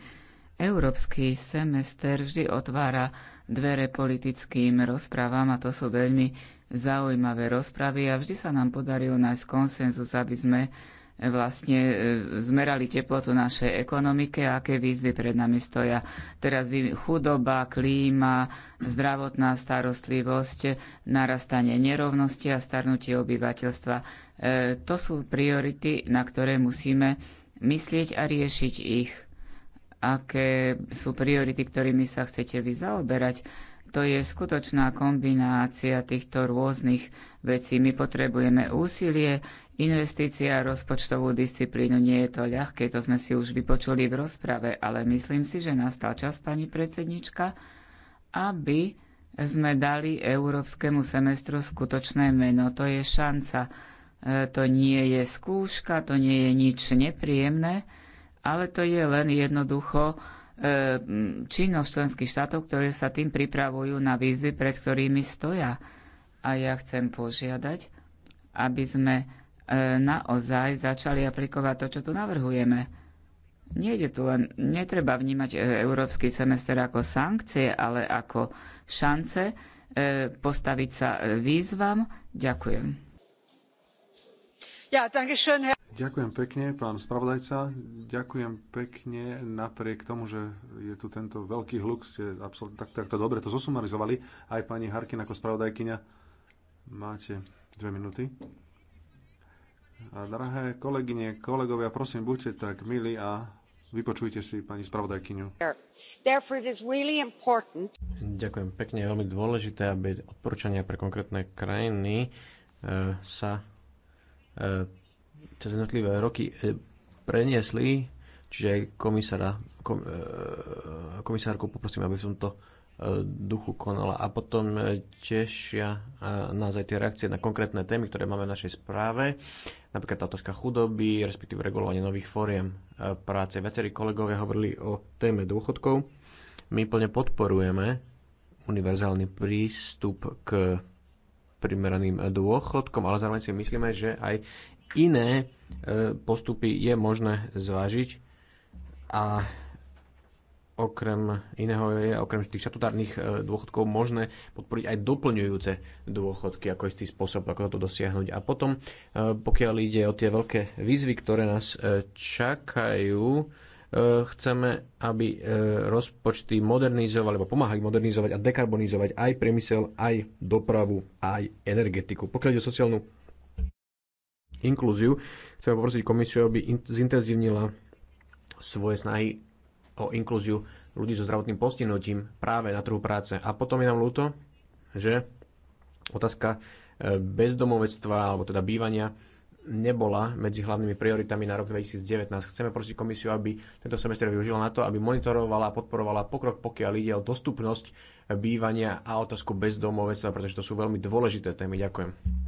Európsky semester vždy otvára dvere politickým rozprávam a to sú veľmi zaujímavé rozpravy a vždy sa nám podarilo nájsť konsenzus, aby sme e, vlastne e, zmerali teplotu našej ekonomike a aké výzvy pred nami stoja. Teraz chudoba, klíma, zdravotná starostlivosť, narastanie nerovnosti a starnutie obyvateľstva. E, to sú priority, na ktoré musíme myslieť a riešiť ich. Aké sú priority, ktorými sa chcete vy zaoberať? To je skutočná kombinácia týchto rôznych vecí. My potrebujeme úsilie, investície a rozpočtovú disciplínu. Nie je to ľahké, to sme si už vypočuli v rozprave, ale myslím si, že nastal čas, pani predsednička, aby sme dali európskemu semestru skutočné meno. To je šanca to nie je skúška, to nie je nič nepríjemné, ale to je len jednoducho e, činnosť členských štátov, ktoré sa tým pripravujú na výzvy, pred ktorými stoja. A ja chcem požiadať, aby sme e, naozaj začali aplikovať to, čo tu navrhujeme. Nejde tu len, netreba vnímať e, európsky semester ako sankcie, ale ako šance postaviť sa výzvam. Ďakujem. Ďakujem pekne, pán spravodajca. Ďakujem pekne napriek tomu, že je tu tento veľký hluk, ste absol- tak, takto dobre to zosumarizovali. Aj pani Harkin ako spravodajkyňa. Máte dve minúty. A drahé kolegyne, kolegovia, prosím, buďte tak milí a Vypočujte si pani spravodajkyňu. Ďakujem pekne. Je veľmi dôležité, aby odporúčania pre konkrétne krajiny eh, sa E, cez jednotlivé roky e, preniesli, čiže komisára, kom, e, komisárku poprosím, aby som to duchu konala. A potom tešia aj tie reakcie na konkrétne témy, ktoré máme v našej správe. Napríklad tá otázka chudoby, respektíve regulovanie nových fóriem práce. Viacerí kolegovia hovorili o téme dôchodkov. My plne podporujeme univerzálny prístup k primeraným dôchodkom, ale zároveň si myslíme, že aj iné e, postupy je možné zvážiť a okrem iného je, okrem tých štatutárnych e, dôchodkov možné podporiť aj doplňujúce dôchodky ako istý spôsob, ako to dosiahnuť. A potom, e, pokiaľ ide o tie veľké výzvy, ktoré nás čakajú, E, chceme, aby e, rozpočty modernizovali, alebo pomáhali modernizovať a dekarbonizovať aj priemysel, aj dopravu, aj energetiku. Pokiaľ ide o sociálnu inklúziu, chceme poprosiť komisiu, aby zintenzívnila svoje snahy o inklúziu ľudí so zdravotným postihnutím práve na trhu práce. A potom je nám ľúto, že otázka e, bezdomovectva alebo teda bývania nebola medzi hlavnými prioritami na rok 2019. Chceme prosiť komisiu, aby tento semester využila na to, aby monitorovala a podporovala pokrok, pokiaľ ide o dostupnosť bývania a otázku bezdomovectva, pretože to sú veľmi dôležité témy. Ďakujem.